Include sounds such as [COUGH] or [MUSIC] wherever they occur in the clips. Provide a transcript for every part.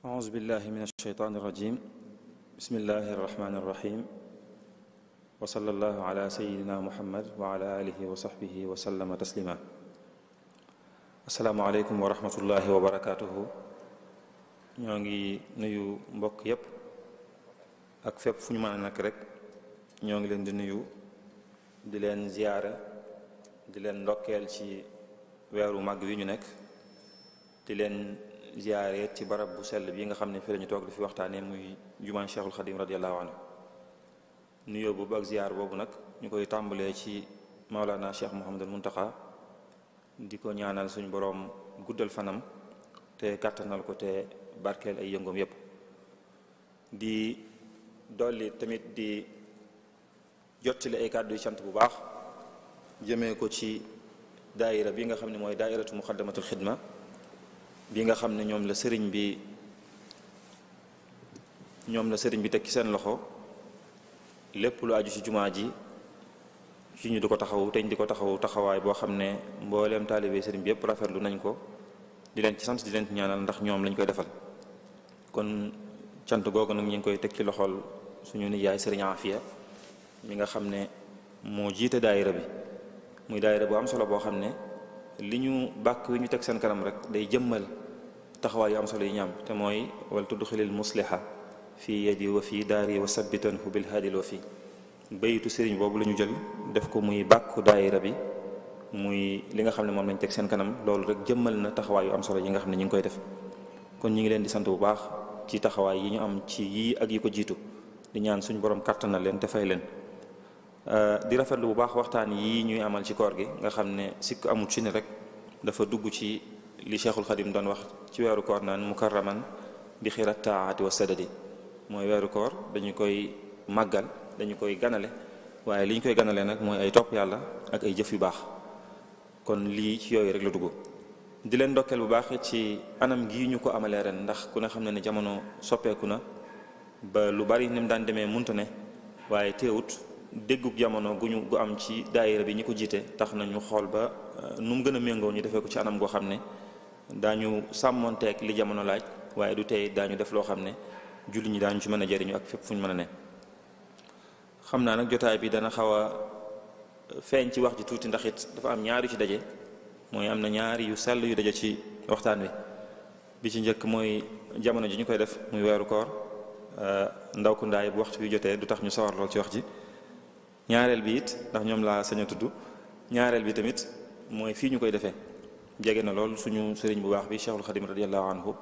أعوذ بالله من الشيطان الرجيم بسم الله الرحمن الرحيم وصلى الله على سيدنا محمد وعلى آله وصحبه وسلم تسليما السلام عليكم ورحمة الله وبركاته نيوغي نيو مبوك يب yépp ak fépp fu ñu mën a nak rek ñoo ngi leen di nuyu di leen ziyaara di leen ndokkeel ci ziyaare ci barab bu sell bii nga xam ne fi lañu toog di fi waxtaanee muy jumaan Cheikhul Xadim radiyallahu anhu nuyoo ba ak ziyaar boobu nag ñu koy tàmbalee ci Maulana Cheikh Mouhamadul Muntaxa di ko ñaanal suñu boroom guddal fanam te kàttanal ko te barkeel ay yëngoom yépp di dolli tamit di jottali ay kàdduy yu sant bu baax jëmee ko ci daayira bi nga xam ne mooy daayiratu muqaddamatul xidma bi nga xam ne ñoom la sëriñ bi ñoom la sëriñ bi teg ci seen loxo lépp lu aju ci jumaa ji ci ñu di ko taxawu teñ di ko taxawu taxawaay boo xam ne mbooleem taalibe sëriñ bi yëpp rafetlu nañ ko di leen ci sant di leen ci ñaanal ndax ñoom lañ koy defal kon cant googu nag ñu ngi koy teg ci loxol suñu nijaay sëriñ Afia mi nga xam ne moo jiite daayira bi muy daayira bu am solo boo xam ne li ñu bàkk wi ñu teg seen kanam rek day jëmmal taxawaay am solo yi ñaam te mooy tudd tudxilil musliha fii yadi wa fii daari wa sabbitanhu bil haadil wa fii bayitu sëriñ boobu la ñu jël def ko muy bàkku daayira bi muy li nga xam ne moom lañ teg seen kanam loolu rek jëmmal na taxawaay yu am solo yi nga xam ne ñu ngi koy def kon ñu ngi leen di sant bu baax ci taxawaay yi ñu am ci yii ak yi ko jiitu di ñaan suñu borom kàttan na leen te fay leen Euh, di rafetlu bu baax waxtaan yi ñuy amal ci koor gi nga xam ne sikk amut ci rek dafa dugg ci li cheikhul xadim doon wax ci weeru koor naan mukarraman bi xirat taati wa sadadi mooy weeru koor dañu koy màggal dañu koy ganale waaye li koy ganalee nag mooy ay topp yàlla ak ay jëf yu baax kon lii ci yooyu rek la dugg di leen ndokkeel bu baax ci anam gii ñu ko amalee ren ndax ku ne xam ne ne jamono soppeeku na ba lu bari ni daan demee munta ne waaye teewut déggug jamono gu ñu gu am ci daayira bi ñu ko jiite tax na ñu xool ba euh, nu mu gën a méngoo ñu defee ko ci anam goo xam ne daañu sàmmonteeg li jamono laaj waaye du tey daañu def loo xam ne julli ñi daañu ci mën a jariñu ak fépp mën a ne xam naa nag jotaay bi dana xaw a euh, feeñ ci wax ji tuuti ndax dafa am ñaar ci daje mooy am na ñaari sell yu daje ci waxtaan wi bi ci njëkk mooy jamono ji ñu koy def muy weeru koor euh, ndaw ku ndaay bu waxtu bi jotee du tax ñu sawar lool ci wax ji ñaarel bi it ndax ñom la sañ tuddu ñaarel bi tamit moy fi ñukoy defé defee na lool suñu sëriñ bu baax bi Cheikhul Khadim radiyallahu anhu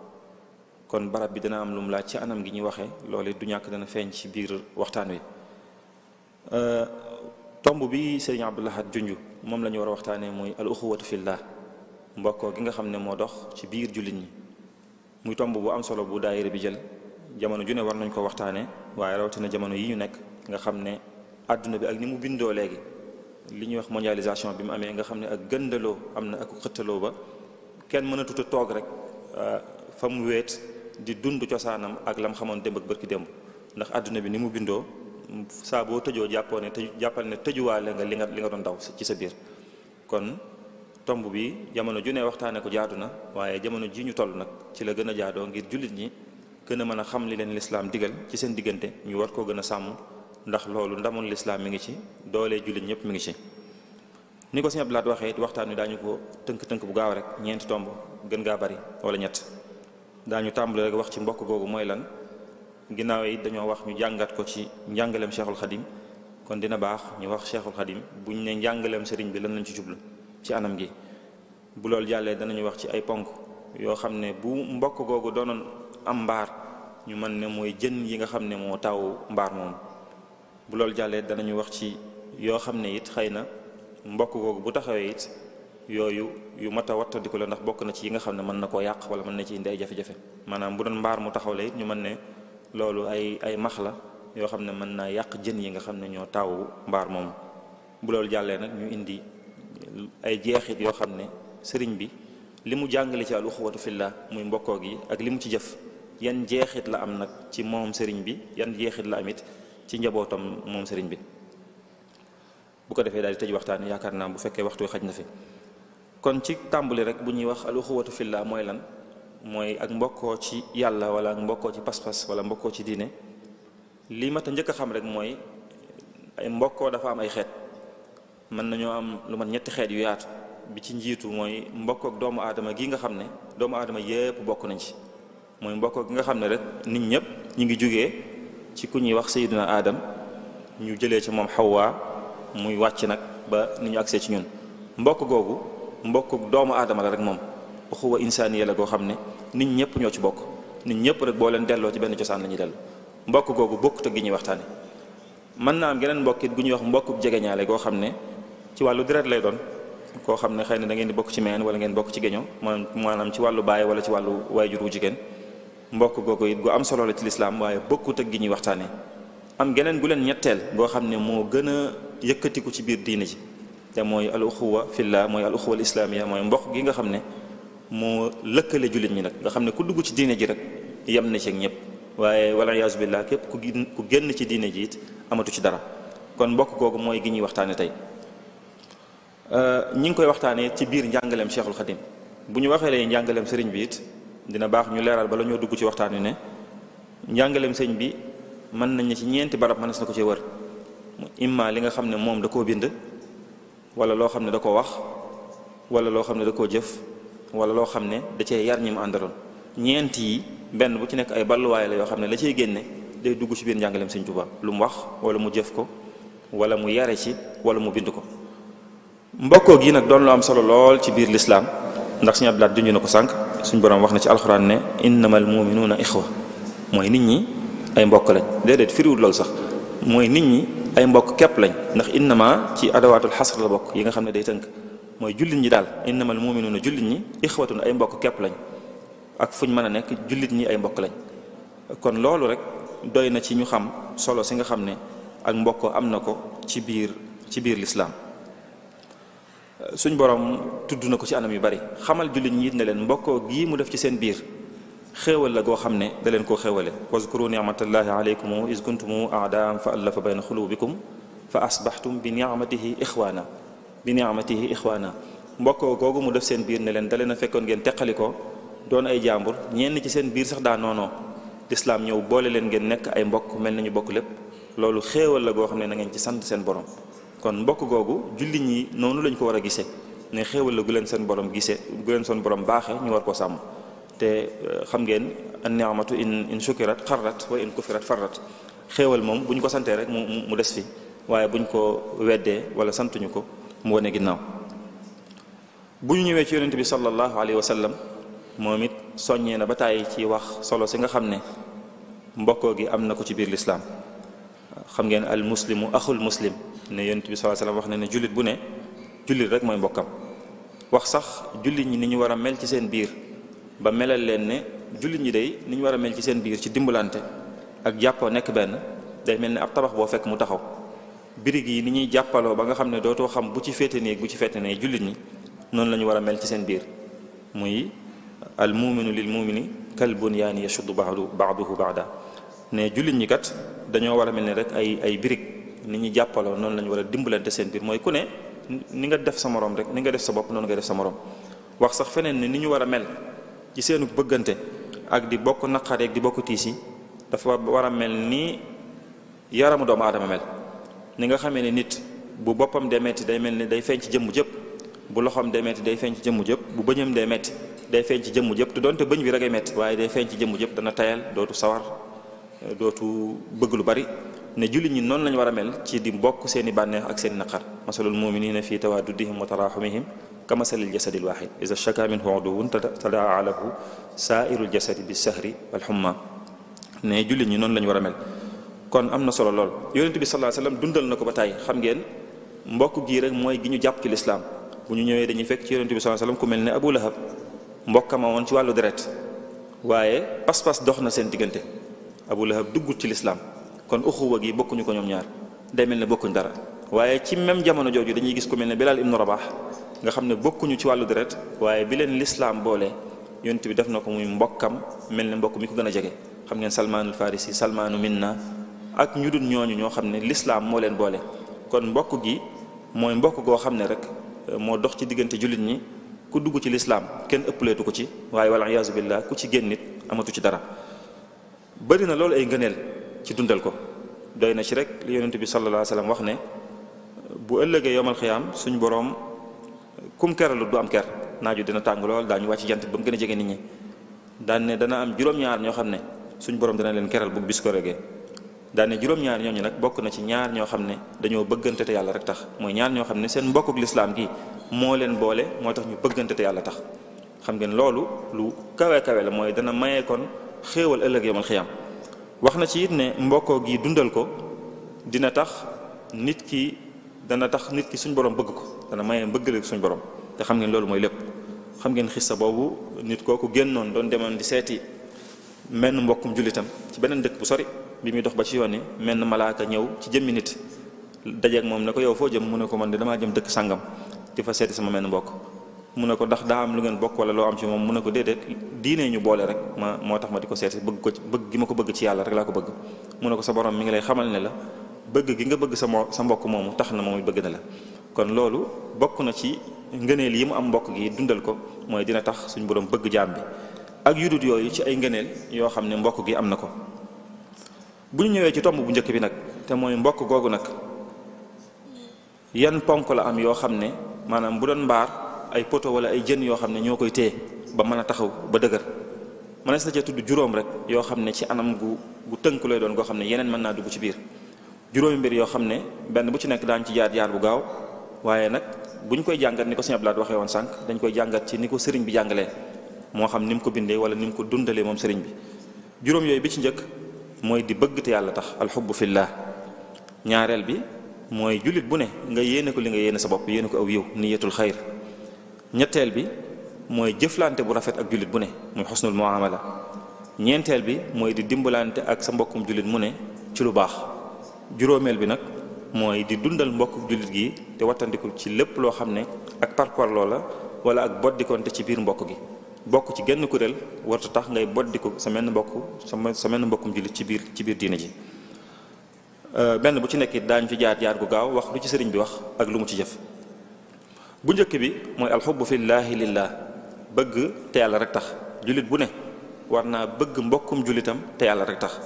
kon barab bi dana am lum la ci anam gi ñi waxé loolé du ñak dana feñ ci biir waxtaan wi euh tombu bi sëriñ abdullah junj moom la ñu war a waxtaanee al ukhuwatu fillah mbokk gi nga xamné mo dox ci biir julinn ñi muy tombu bu am solo bu daayira bi jël jamono ju ne war nañ ko waxtané waye rawti na jamono yi ñu nek nga xamné àdduna bi ak ni mu bindoo léegi li ñuy wax mondialisation bi mu amee nga xam ne ak gëndaloo am na ak xëttaloo ba kenn mën a tuta toog rek euh, fa mu weet di dund cosaanam ak lam xamoon démb ak bërki démb ndax àdduna bi ni mu bindoo saa boo tëjoo jàppoo ne tëju jàppal ne tëjuwaale nga li nga li nga doon daw ci sa biir kon tomb bi jamono ju ne waxtaane ko jaadu na waaye jamono ji ñu toll nag ci la gën a jaadoo ngir jullit ñi gën a mën a xam li leen lislaam digal ci seen diggante ñu war koo gën a sàmm ndax loolu ndamul lislaam mi ngi ci doole jullit ñëpp mi ngi ci ni ko sëñ Abdou Lahad waxee it waxtaan wi daañu ko tënk-tënk bu gaaw rek ñeenti tomb gën gaa bari wala ñett daañu tàmbale rek wax ci mbokk googu mooy lan ginnaaw yi dañoo wax ñu jàngat ko ci njàngaleem Cheikhul Khadim kon dina baax ñu wax Cheikhul Khadim buñ ne njàngaleem sëriñ bi lan lañ ci jublu ci anam gi bu loolu jàllee danañu wax ci ay ponk yoo xam ne bu mbokk googu doonoon am mbaar ñu mën ne mooy jën yi nga xam ne moo taw mbaar moom bu loolu jàllee danañu wax ci yoo xam ne it xëy na mbokk googu bu taxawee it yooyu yu mat a wattandiku la ndax bokk na ci yi nga xam ne mën na koo yàq wala mën na ci indi ay jafe-jafe maanaam bu doon mbaar mu taxawle ñu mën ne loolu ay ay max la yoo xam ne yàq jën yi nga xam ne ñoo taawu mbaar bu loolu jàllee nag ñu indi ay jeexit yoo xam ne bi li jàngale ci al uxuwatu fillah muy mbokkoo gi ak li ci jëf yan jeexit la am nag ci moom sëriñ bi yan jeexit la amit ci njabootam moom sëriñ bi bu ko defee daal di tëj waxtaan yaakaar naa bu fekkee waxtu xaj na fi kon ci tàmbali rek bu ñuy wax al uxuwatu fillah mooy lan mooy ak mbokkoo ci yàlla wala ak mbokkoo ci pas-pas wala mbokkoo ci diine lii mat a njëkk a xam rek mooy ay mbokkoo dafa am ay xeet mën nañoo am lu mat ñetti xeet yu yaatu bi ci njiitu mooy mbokkook doomu aadama gi nga xam ne doomu aadama yépp bokk nañ ci mooy mbokkoo gi nga xam ne rek nit ñëpp ñu ngi jugee ci ku ñuy wax sayiduna adam ñu jëlee ci moom xawaa muy wàcc nag ba ni ñu agsee ci ñun mbokk googu mbokk doomu aadama la rek moom uxuwa insaaniya la goo xam ne nit ñëpp ñoo ci bokk nit ñëpp rek boo leen delloo ci benn cosaan la ñuy dellu mbokk googu bokkut ak gi ñuy waxtaane mën naa am geneen mbokk it gu ñuy wax mbokk jegeñaale goo xam ne ci wàllu deret lay doon koo xam ne xëy na da ngeen di bokk ci meen wala ngeen bokk ci géño maanaam ci wàllu baay wala ci wàllu waajur wu jigéen mbokk gogo it gu am solo la ci l'islam waye bokkut ak gi ñuy waxtaane am geneen gu len ñettel goo xamne mo geuna yëkëti ku ci biir diine ji te moy al ukhuwa fillah moy al ukhuwa al islaamiya mooy mbokk gi nga xamne mo lëkkale julit ñi nak nga xamne ku dugg ci diine ji rek yam na ci ak ñëpp waaye wala yaasu billah kep ku ku génn ci diine ji it amatu ci dara kon mbokk gogo moy gi ñuy waxtaane tey ñi ngi koy waxtane ci biir njangalem cheikhul khadim buñu waxale njangalem serigne njàngaleem bi it dina baax ñu leeral bala ñoo dugg ci waxtaan wi ne njàngaleem sëñ bi mën nañ ci ñeenti barab mënees na ko ci wër mu imma li nga xam ne moom da koo bind wala loo xam ne da ko wax wala loo xam ne da jëf wala loo xam ne da cee yar ñi mu àndaloon ñeent benn bu ci nekk ay balluwaay la yoo xam ne la cay génne day dugg ci biir njàngaleem sëñ Tuubaa lu mu wax wala mu jëf ko wala mu yare ci wala mu bind ko mbokkoo gi nag doon lu am solo lool ci biir lislaam ndax sëñ Abdulaat junj na ko sànq suñu borom wax na ci alxuraan ne innamal mu'minuna ikhwa moy nit ñi ay mbokk lañ déedéet firiwul lol sax moy nit ñi ay mbokk kep lañ ndax innama ci adawatul hasr la bok yi nga xamne day teunk moy jullit ñi dal innamal mu'minuna jullit ñi ikhwatun ay mbokk kep lañ ak fuñu mëna nek jullit ñi ay mbokk lañ kon lolu rek doyna ci ñu xam solo si nga xamne ak mbokk amna ko ci bir ci bir l'islam suñ borom tudd na ko ci anam yu bari xamal jullit ñi it ne leen mbokkoo gii mu def ci seen biir xewal la goo xam ne da leen koo xéewale wazkuru nicmatallahi aleykum is kuntum aadaan fa allafa bayna xulubikum fa asbaxtum bi nicmatihi ixwaana bi nicmatihi ixwaana mbokkoo googu mu def seen biir ne leen da leen a fekkoon ngeen teqali ko doon ay jàmbur ñenn ci seen biir sax daa noonoo lislaam ñëw boole leen ngeen nekk ay mbokk mel nañu bokk lépp loolu xéewal la goo xam ne na ngeen ci sant seen borom kon mbokk gogou julli ñi nonu lañ ko wara a ne xéewal la gu leen seen borom gisee gu leen seen borom baxé ñu war ko sam te xam ngeen an ni'matu in in shukirat qarrat wa in kufirat farrat xéewal mom buñ ko santé rek mu dess fi waye buñ ko weddee wala santuñu ko mu woné ginnaw bu ñëwé ci yonente bi sallallahu alayhi wa sallam momit soñé na bataay ci wax solo ci nga xamné ne mbokkoo gi am ko ci bir l'islam xam ngeen al muslimu akhul muslim ne yonent bi sallallahu alayhi wasallam wax na ne jullit bu ne julit rek moy mbokam wax sax julit ñi ni ñu war mel ci seen biir ba melal leen ne julit ñi day ni ñu war mel ci seen biir ci dimbulante ak jappo nek ben day melni ab tabax bo fekk mu taxaw birig yi ni ñuy jàppaloo ba nga xamne doto xam bu ci fete ne bu ci fete ne julit ñi non lañu wara mel ci seen biir muy al muminu lil mumini kal bunyaani yashuddu ba'du ba'duhu ba'da ne julit ñi kat dañoo wara melni rek ay ay birig ni ñu jàppaloo noonu la war a dimbalante seen biir mooy ku ne ni nga def sa moroom rek ni nga def sa bopp noonu nga def sa morom wax sax feneen ni ni ñu war a mel ci seenu bëggante ak di bokk naqar ak di bokk tiis yi dafa war a mel ni yaramu doomu aadama mel ni nga xamee ne nit bu boppam dee metti day mel ni day feeñ ci jëmm jëpp bu loxom dee metti day feeñ ci jëmm jëpp bu bëñam dee metti day feeñ ci jëmm jëpp te doonte bëñ bi rek ay metti waaye day feeñ ci jëmm jëpp dana tayal dootu sawar dootu bëgg lu bari ne jullit ñi non lañu wara mel ci di bokk seeni bànneex ak seen naqar masalul muminina fi tawaddudihim wa tarahumihim kama kamasalil jasadil wahid iza shaka minhu udwun tadaa lahu saa'irul jasadi bi sahri wal humma ne jullit ñi non lañu wara mel kon amna solo lol yaronte bi sallallahu alayhi wasallam dundal nako ko ba tey xam ngeen mbokk gi rek moy gi ñu jàpp ci l'islam bu ñu ñëwé dañuy fekk ci yaronte bi sallallahu alayhi wasallam ku melni Abu Lahab mbokkam won ci walu deret waye pass pass dox na seen diggante Abu Lahab duggu ci l'islam kon uxuwa gi bokkuñu ko ñoom ñaar day mel ne bokkuñ dara waaye ci même jamono jooju dañuy gis ku mel ne Bilaal ibnu Rabax nga xam ne bokkuñu ci wàllu deret waaye bi leen lislaam boole yonent bi def na ko muy mbokkam mel ne mbokk mi ko gën a jege xam ngeen salmaanul farisi salmaanu minna ak ñu ñooñu ñoo xam ne lislaam moo leen boole kon mbokk gi mooy mbokk goo xam ne rek euh, moo dox ci diggante jullit ñi ku dugg ci lislaam kenn ëppaleetu ko ci waaye wala iyaazu billah ku ci génn amatu ci dara bëri na loolu ay ngëneel ci dundal ko doy na ci rek li yonent bi sallallahu alayhi wasallam wax ne bu ëllëgee yomal xiyaam suñu boroom kum keralu du am ker naaju dina tàng lool daañu wàcc jant ba mu gën a jege nit ñi daan ne dana am juróom-ñaar ñoo xam ne suñu boroom dana leen keral bu bis ko regee daan ne juróom-ñaar ñooñu nag bokk na ci ñaar ñoo xam ne dañoo bëggante yàlla rek tax mooy ñaar ñoo xam ne seen mbokkuk lislaam gi moo leen boole moo tax ñu bëggante yàlla tax xam ngeen loolu lu kawe la mooy dana maye kon xéewal ëllëg yomal xiyaam wax na ci it ne mbokkoo gi dundal ko dina tax nit ki dana tax nit ki suñ borom bëgg ko dana maye bëgg suñu borom te xam ngeen loolu mooy lépp xam ngeen sa boobu nit kooku génnoon doon demoon di seeti menn mbokkum jullitam ci beneen dëkk bu sori bi muy dox ba ci yoon yi menn malaaka ñëw ci jëmmi nit dajeeg moom ne ko yow foo jëm mu ne ko man de damaa jëm dëkk sàngam di fa seeti sama menn mbokk muna ko ndax da am lu ngeen bok wala lo am ci mom mu ko dedet diine ñu boole rek ma motax ma diko ko bëgg ko bëgg gi mako bëgg ci yalla rek la ko bëgg muna ko sa borom mi ngi lay xamal ne la bëgg gi nga bëgg sa sa mbokk mom tax na bëgg na kon loolu bokku na ci ngeeneel yi mu am mbokk gi dundal ko moy dina tax suñu borom bëgg jaam bi ak yudut yoy ci ay ngeeneel yo xamne mbokk gi am nako bu ñu ñëwé ci tomb bu ñëkk bi nak té moy mbokk gogu nak yan ponk la am yo xamne manam bu doon mbar ay poto wala ay jën yoo xam ne ñoo koy téye ba mën a taxaw ba dëgër mën mënees na cee tudd juróom rek yoo xam ne ci anam gu gu tënk lay doon goo xam ne yeneen mën naa dugg ci biir juróomi mbir yoo xam ne benn bu ci nekk daañu ci jaar jaar bu gaaw waaye nag bu ñu koy jàngat ni ko sëñ Abdoulaye waxee woon sànq dañ koy jàngat ci ni ko sëriñ bi jàngalee moo xam ni mu ko bindee wala ni mu ko dundalee moom sëriñ bi juróom yooyu bi ci njëkk mooy di bëgg te yàlla tax alxubbu fillah ñaareel bi mooy jullit bu ne nga yéene ko li nga yéene sa bopp yéene ko aw yiw niyatul xayr ñetteel bi mooy jëflante bu rafet ak jullit bu ne muy xusnul muamala ñeenteel bi mooy di dimbalante ak sa mbokkum jullit mu ne ci lu baax juróomeel bi nag mooy di dundal mbokkum jullit gi te wattandiku ci lépp loo xam ne ak parparloo la wala ak boddikonte ci biir mbokk gi bokk ci genn kuréel warta tax ngay boddiku sa menn mbokk sa menn mbokkum jullit ci biir ci biir diina ji euh, benn bu ci nekk daañu ci jaar jaar gu gaaw wax lu ci sëriñ bi wax ak lu mu ci jëf bu njëkk bi mooy alxubu fillaahi lillah bëgg te yàlla rek tax jullit bu ne war naa bëgg mbokkum jullitam te yàlla rek tax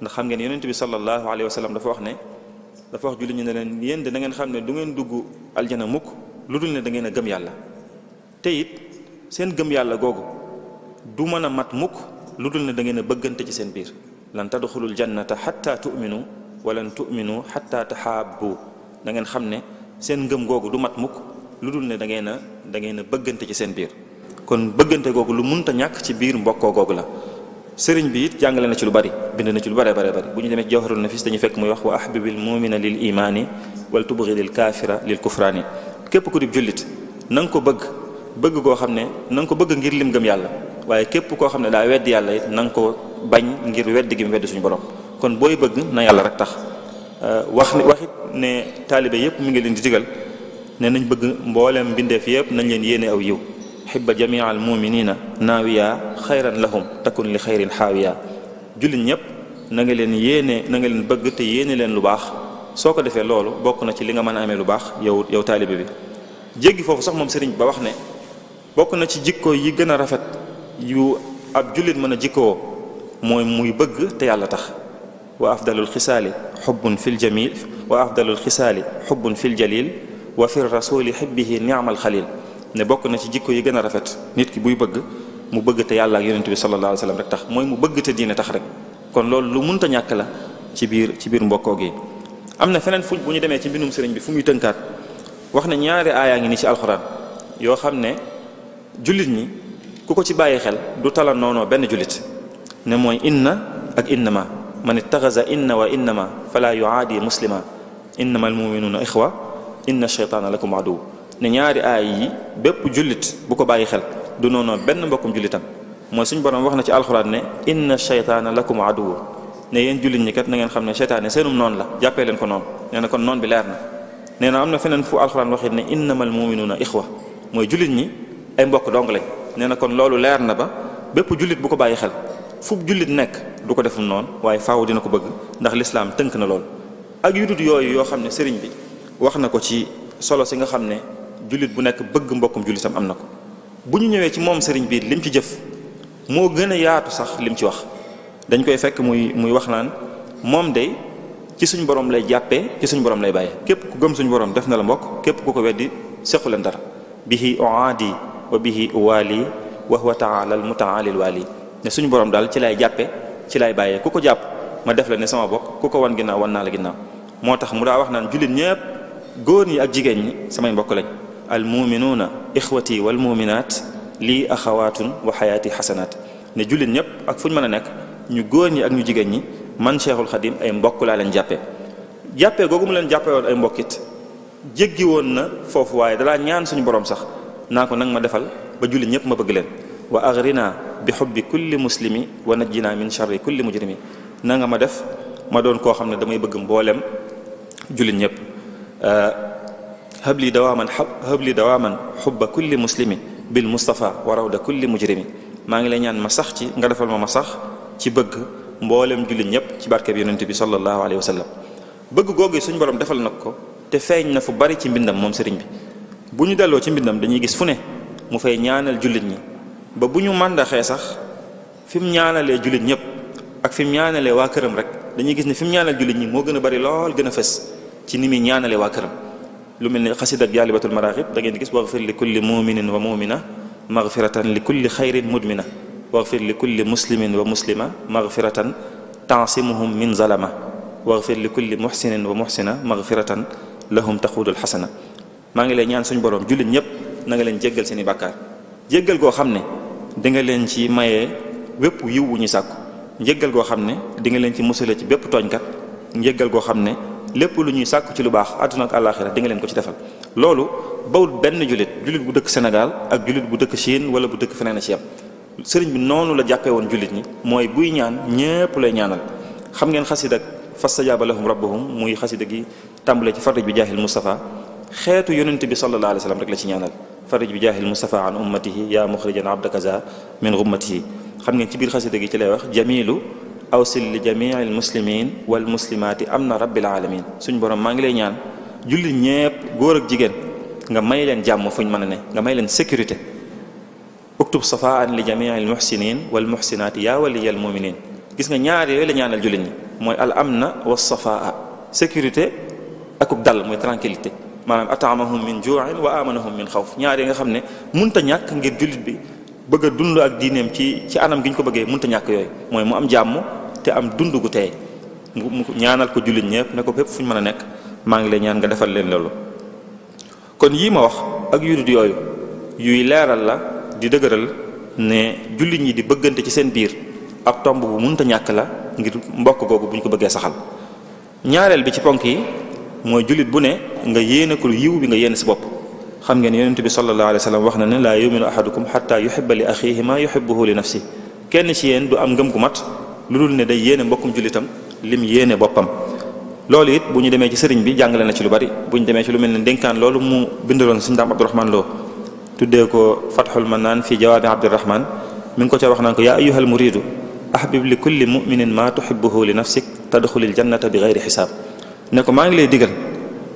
ndax xam ngeen yonent bi sallallahu alayhi wa sallam dafa wax ne dafa wax jullit ñu ne leen yéen de da ngeen xam ne du ngeen dugg aljana mukk lu dul ne da ngeen a gëm yàlla te it seen gëm yàlla googu du mën a mat mukk lu dul ne da ngeen a bëggante ci seen biir lan tadxulul jannata xatta tu'minu walan tu'minu xatta taxaabbu da ngeen xam ne seen ngëm googu du mat mukk lu dul ne dangeen a da a bëggante ci seen biir kon bëggante googu lu munta ñàkk ci biir mbokkoo googu la sëriñ bi it jàngale na ci lu bari bind na ci lu bare bare bari bu ñu demee jawharul nafis dañu fekk muy wax wa ahbibil mumina lil imaani wal tubghi lil kaafira lil kufraani képp ku dib jullit na nga ko bëgg bëgg koo xam ne nang ko bëgg ngir lim gëm yàlla waaye képp koo xam ne daa weddi yàlla it na ko bañ ngir weddi gi mu weddi suñu borom kon booy bëgg na yàlla rek tax euh, wax waxit ne taalibe yépp mi ngi leen di digal ne nañ bëgg mboolem mbindeef yépp nañ leen yéene aw yiw xibba jamia al muminina naawiya xayran lahum takun li xayrin xaawiya jullit ñépp na nga leen yéene na nga leen bëgg te yéene leen lu baax soo ko defee loolu bokk na ci li nga mën a amee lu baax yow yow taalibe bi jéggi foofu sax moom sëriñ ba wax ne bokk na ci jikko yi gën a rafet yu ab jullit mën a jikkoo mooy muy bëgg te yàlla tax wa afdalul xisaali xubbun fil jamil wa afdalul xisaali xubbun fil jalil وفي الرسول حبه نعم الخليل نبوك نتي جيكو رفت غنا رافيت نيت كي بوي بغ مو بغ تا يالا يونتي صلى الله عليه وسلم رك تخ مو بغ تا دين تخ كون لول لو مونتا نياك لا تي بير تي بير مبوكو غي امنا فنان فوج بو ني ديمي تي بينوم سيرن بي فومي تنكات القران يو خامني جوليت كوكو تي باي خيل نونو بن جلد ني موي ان اك انما من اتخذ ان وانما فلا يعادي مسلما انما المؤمنون اخوه inna shaytaana lakum aduw ne ñaari aay yi bépp jullit bu ko bàyyi xel du noonu benn mbokkum jullitam mooy suñ borom wax na ci alxuraan ne inna shaytaana lakum aduw ne yéen jullit ñi kat na ngeen xam ne shaytaane seenum noonu la jàppee leen ko noonu nee na kon noon bi leer na nee na am na feneen fu alxuraan waxit ne innamal muminuuna ixwa mooy jullit ñi ay mbokk dong lañ nee na kon loolu leer na ba bépp jullit bu ko bàyyi xel fu jullit nekk du ko defum noonu waaye faaw dina ko bëgg ndax lislaam tënk na lool ak yudut yooyu yoo xam ne sëriñ bi wax na ko ci solo si nga xam ne jullit bu nekk bëgg mbokkum jullitam am na ko bu ñu ñëwee ci moom sëriñ biir lim ci jëf moo gën a yaatu sax lim ci wax dañ koy fekk muy muy wax naan moom day ci suñ borom lay jàppee ci suñ borom lay bàyyee képp ku gëm suñ borom def na la mbokk képp ku ko weddi sequ leen dara bihi uaadi wa bihi uwaali wa huwa taala mu mutaali al waali ne suñu borom daal ci lay jàppe ci lay bàyyee ku ko jàpp ma def la ne sama bokk ku ko wan ginnaaw wan naa la ginnaaw moo tax mu daa wax naan jullit ñépp góor ñi ak jigéen ñi samay mbokk lañ almuminuuna ixwati wal muminat lii akhawatun wa xayaati xasanaat ne jullit ñëpp ak fu ñu mën a nekk ñu góor ñi ak ñu jigéen ñi man cheikhul xadim ay mbokk laa leen jàppee jàppee googu mu leen jàppee woon ay mbokkit jéggi woon na foofu waaye dalaa ñaan suñu borom sax naa ko ma defal ba jullit ñëpp ma bëgg leen wa agrina bi xubbi kulli muslimi wa najjina min charri kulli mujrimi na nga ma def ma doon koo xam ne damay bëgg mboolem jullit ñëpp هب لي دواما حب هب لي دواما حب كل مسلم بالمصطفى وروض كل مجرم maa ngi lay ñaan ma sax ci nga defal ma sax ci bëgg mboolem jullit ñëpp ci barke bi yonent bi sallallahu alayhi wasallam sallam bëgg googu suñu borom defal na te feeñ na fu bari ci mbindam moom sëriñ bi bu ñu ci mbindam dañuy gis fu mu fay ñaanal jullit ñi ba bu ñu màndaxee sax fi mu ñaanalee jullit ak fi mu ñaanalee waa rek dañuy gis ne fi ñaanal jullit ñi moo gën bari lool gën a ci ni muy ñaanale waa këram lu mel ni xasidak jaalibatul maraaxib da ngeen gis waxfir li kulli muminin wa mumina magfiratan li kulli xayrin mudmina waxfir li kulli muslimin wa muslima magfiratan tansimuhum min zalama waxfir li kulli muxsinin wa muxsina magfiratan lahum taxudul hasana maa ngi lay ñaan suñu borom jullit ñëpp na nga leen jéggal seen i bàkkaar jéggal goo xam ne di nga leen ci mayee bépp yiw ñu sàkku njéggal goo xam ne nga leen ci musale ci bépp tooñkat njéggal goo xam ne lépp lu ñuy sàkk ci lu baax àdduna ak àllaaxira di nga leen ko ci defal loolu bawul benn jullit jullit bu dëkk senegal ak jullit bu dëkk Chine wala bu dëkk feneen a ci yam sëriñ bi noonu la jàppee woon jullit ñi mooy buy ñaan ñépp lay ñaanal xam ngeen xasida fastajaaba lahum rabbuhum muy xasida gi tàmbale ci farij bi jaahil Mustafa xeetu yonent bi sallallahu alayhi wa sallam rek la ci ñaanal farij bi jaahil Mustafa an ummatihi yaa muxrijan abdakaza min ummatihi xam ngeen ci biir xasida gi ci lay wax jamilu awsil li jamii almuslimin wal muslimaati am na rabbil alamin suñ borom maa ngi lay ñaan jullit ñépp góor ak jigéen nga may leen jàmm fuñ mën a ne nga may leen sécurité uktub safaan li jamii muhsinin wal muhsinaati yaa al muminin gis nga ñaar yooyu la ñaanal jullit ñi mooy al amna wa safaa sécurité akuk dal mooy tranquillité maanaam atamahum min juuin wa amanahum min xawf ñaar yi nga xam ne munta ñàkk ngir jullit bi bëgg dund ak diineem ci ci anam gi ñu ko bëggee mënta ñàkk yooyu mooy mu am jàmm te am dund gu tey mu ñaanal ko jullit ñëpp ne ko fépp fu ñu mën a nekk maa ngi lay ñaan nga defal leen loolu. kon yii ma wax ak yu dul yooyu yuy leeral la di dëgëral ne jullit ñi di bëggante ci seen biir ab tomb bu mënta ñàkk la ngir mbokk googu bu ñu ko bëggee saxal ñaareel bi ci ponk yi mooy jullit bu ne nga yéene ko yiw bi nga yéene si bopp. xam ngeen yonent bi sallallahu alayhi wa sallam wax na ne laa yuminu ahadukum xatta yuhibba li axihi ma yuhibbuhu li nafsi kenn ci yéen du am ngëm gu mat lu dul ne day yéene mbokkum jullitam lim yéene boppam loolu it bu ñu demee ci sëriñ bi jàngale na ci lu bari bu ñu demee ci lu mel ne dénkaan loolu mu bindaloon suñ daam abdurahman loo tuddee ko fatxul manaan fi jawaabi abdirahman mi ngi ko ca wax naan ko yaa ayuhal muridu ahbib li kulli muminin ma tuhibuhu li nafsik tadxulil jannata bi gayri xisaab ne ko maa ngi lay digal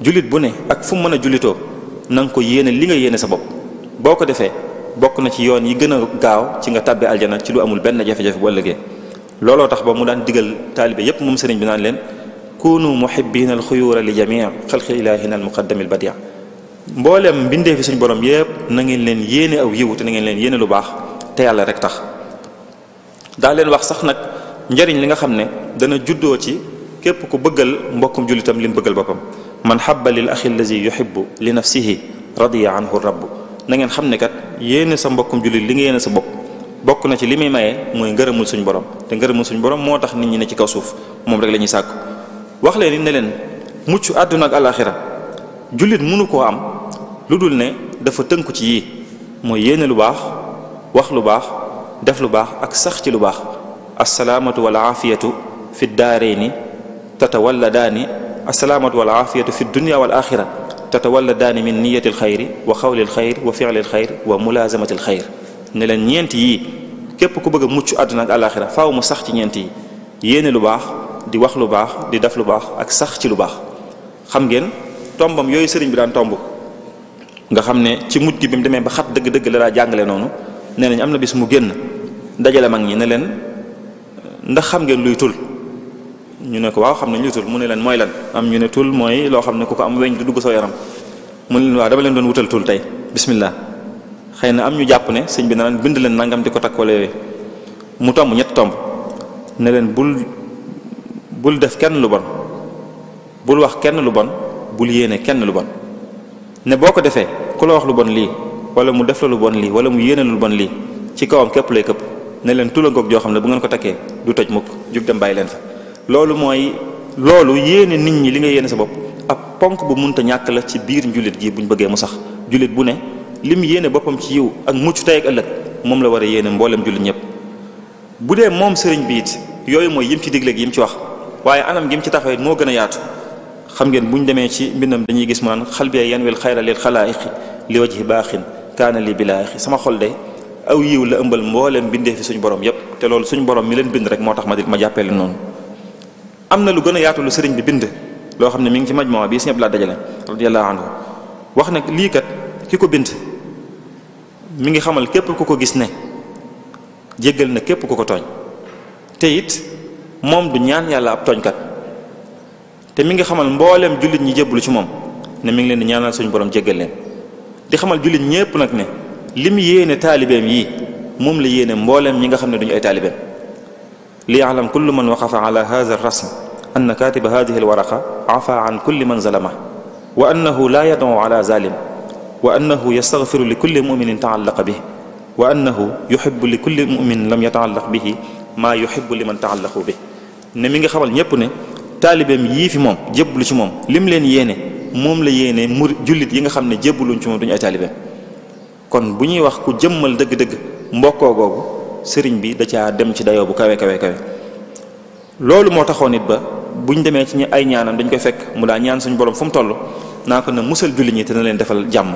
julit bu ne ak fu mu mën a julitoo nang ko yene li nga yene sa bop boko defé bok na ci yoon yi gëna gaaw ci nga tàbbi aljana ci lu amul ben jafe-jafe bu ëllëgee lolo tax ba mu daan digal talibé yépp mom sëriñ bi naan len kunu muhibbina al xuyuura li jami' xalqi ilahina al muqaddami al badia mbooleem mbindee fi suñ borom yépp na ngeen len yene aw yewu te na ngeen len yene lu bax te yàlla rek tax da len wax sax nak njariñ li nga xamné dana juddo ci képp ku bëggal mbokum julitam lim bëggal bopam من حب للاخ الذي يحب لنفسه رضي عنه الرب نين خامني كات يين سا مبوكم جولي لي نين سا بوك بوك نتي لي مي ماي موي غرمول سوني بوروم تي غرمول سوني بوروم موتاخ نين ني نتي كاو سوف موم رك لا ني ساكو واخ لين ني لين موتشو ادنا الاخره جوليت مونو كو ام لودول ني دا فا تنكو تي موي يين لو باخ واخ لو باخ داف لو باخ اك ساختي لو باخ السلامه والعافيه في الدارين تتولدان السلامة والعافية في الدنيا والآخرة تتولدان من نية الخير وخول الخير وفعل الخير وملازمة الخير نلا نينتي كيب كو بغا موتشو ادنا الاخره فاو مو ساختي نينتي يين لو باخ دي واخ لو باخ دي داف لو باخ اك ساختي لو باخ خام نين تومبام يوي سيرين بي دان تومبو غا خام ني تي موتتي بيم ديمي با خات دغ دغ لا جانغلي نونو نين امنا بيس مو ген داجالام اك ني نلن ندا خام نين لوي تول ñu ne ko waaw xam nañ li tul mu ne leen mooy lan am ñu ne tul mooy loo xam ne ku ko am weñ du dugg sa yaram mu ne leen waaw dama leen doon wutal tul tey bismillah xëy na am ñu jàpp ne sëñ bi na bind leen nangam di ko takk wala mu tomb ñett tomb ne leen bul bul def kenn lu bon bul wax kenn lu bon bul yéene kenn lu bon ne boo ko defee ku la wax lu bon lii wala mu def la lu bon lii wala mu yéene lu bon lii ci kawam képp lay këpp ne leen tula ngoog joo xam ne bu ngeen ko takkee du toj mukk jub dem bàyyi leen fa loolu mooy loolu yéene nit ñi li nga yéene sa bopp ab ponk bu munta ñàkk la ci biir njulit gi ñu bëggee mu sax jullit bu ne lim yéene boppam ci yiw ak mucc tey ak ëllëg moom la war a yéene mbooleem jullit ñëpp bu dee moom sëriñ bi it yooyu mooy yim ci digleeg yim ci wax waaye anam gi mu ci taxawee moo gën a yaatu xam ngeen buñ demee ci mbindam dañuy gis mu naan xal bee yan wel xayra lil xalaayiqi li wajhi baaxin kaana li bilaaxi sama xol de aw yiw la ëmbal mboolem bindee fi suñu borom yépp te loolu borom mi leen bind rek moo tax ma di ma jàppee leen am na lu gën a yaatu sëriñ bi bind loo xam ne mi ngi ci majmoo bi sëñ Abdou Lahad dajale radiyallahu anhu wax nag lii kat ki ko bind mi ngi xamal képp ku ko gis ne jéggal na képp ku ko tooñ te it moom du ñaan yàlla ab tooñkat te mi ngi xamal mbooleem jullit ñi jébbalu ci moom ne mi ngi leen di ñaanal suñu borom jéggal leen di xamal jullit ñépp nag ne lim yéene taalibeem yi moom la yéene mbooleem ñi nga xam ne duñu ay taalibeem ليعلم كل من وقف على هذا الرسم أن كاتب هذه الورقة عفى عن كل من ظلمه وأنه لا يدعو على ظالم وأنه يستغفر لكل مؤمن تعلق به وأنه يحب لكل مؤمن لم يتعلق به ما يحب لمن تعلق به نميغي خبال نيبني طالبم ييفي موم جيبلو سي موم لم لين ييني موم لا ييني جوليت ييغا خامني جيبلو سي موم دوني طالبم كون بو ني واخ كو جيمال دغ دغ مبوكو غوغو sëriñ bi da caa dem ci dayoo bu kawe kawe kawe loolu moo taxoon nit ba buñ demee ci ay ñaanam dañ koy fekk mu daa ñaan suñu borom fu mu toll na julli ñi te na leen defal jàmm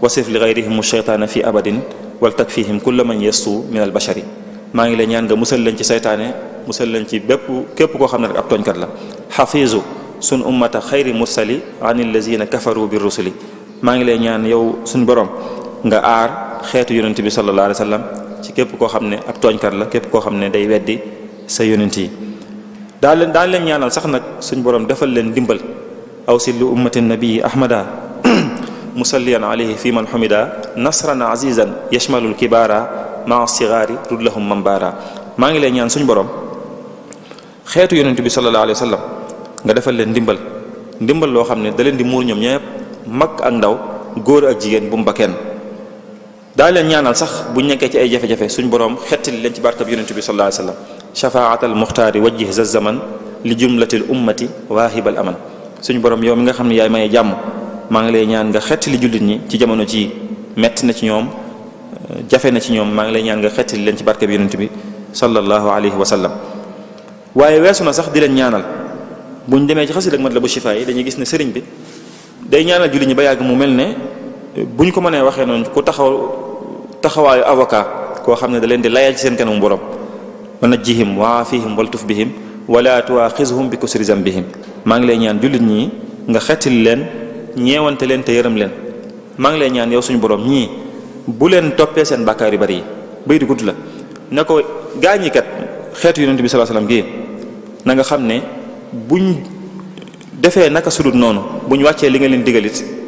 wasif li gayrihim sheytaana fi abadin wal takfihim kulla man yestu min al bashari maa ngi lay ñaan nga mussel leen ci seytaane musal leen ci bépp képp koo xam rek ab tooñkat la xafiisu sun ummata xayri mursali an illazina kafaru bi rusuli maa ngi lay ñaan yow suñ borom nga aar xeetu yonente bi sallallahu alayhi ci képp koo xam ne ab tooñkat la képp koo xam ne day weddi sa yonent yi daa leen daa leen ñaanal sax nag suñ borom defal leen dimbal aw si lu ummati nabii ahmada [CLEARS THROAT] musalliyan alayhi fi man xumida nasran azizan yashmalul kibaara maa sigaari rudlahum mambaara maa ngi leen ñaan suñ borom xeetu yonent bi sallallahu alayhi wa sallam nga defal leen ndimbal ndimbal loo xam ne daleen di muur ñoom ñëpp mag ak ndaw góor ak jigéen bu mu ba kenn daa leen ñaanal sax bu nekkee ci ay jafe-jafe suñu borom xettali leen ci barkab yonent bi sallallahu alayhi wasallam shafa'atul muxtaari wajh za zaman li jumlatil ummati wahibal aman suñu borom yow mi nga xamni yaay maye jàmm ma nga lay ñaan nga xettali jullit ñi ci jamono ci met na ci ñoom jafe na ci ñoom ma nga lay ñaan nga xettali leen ci barkab yonent bi sallallahu alayhi wasallam waye wessuna sax di leen ñaanal buñ démé ci xasida rek mat la bu shifaay dañuy gis ne sëriñ bi day ñaanal jullit ñi ba yag mu melne bu ñu ko mënee waxee noonu ku taxaw taxawaayu avocat koo xam ne da leen di layal ci seen kanamu borom wa najjihim wa fihim wal tuf bihim wala tuaxizhum bi kusri zambihim maa ngi lay ñaan jullit ñi nga xetil leen ñeewante leen te yërëm leen maa ngi lay ñaan yow suñu borom ñii bu leen toppee seen bàkkaar yu bari yi bay di gudd la na ko gaañi kat xeetu yonent bi sallallahu alayhi wasallam nga xam ne buñ defee naka sudut noonu buñ wàccee li nga leen digalit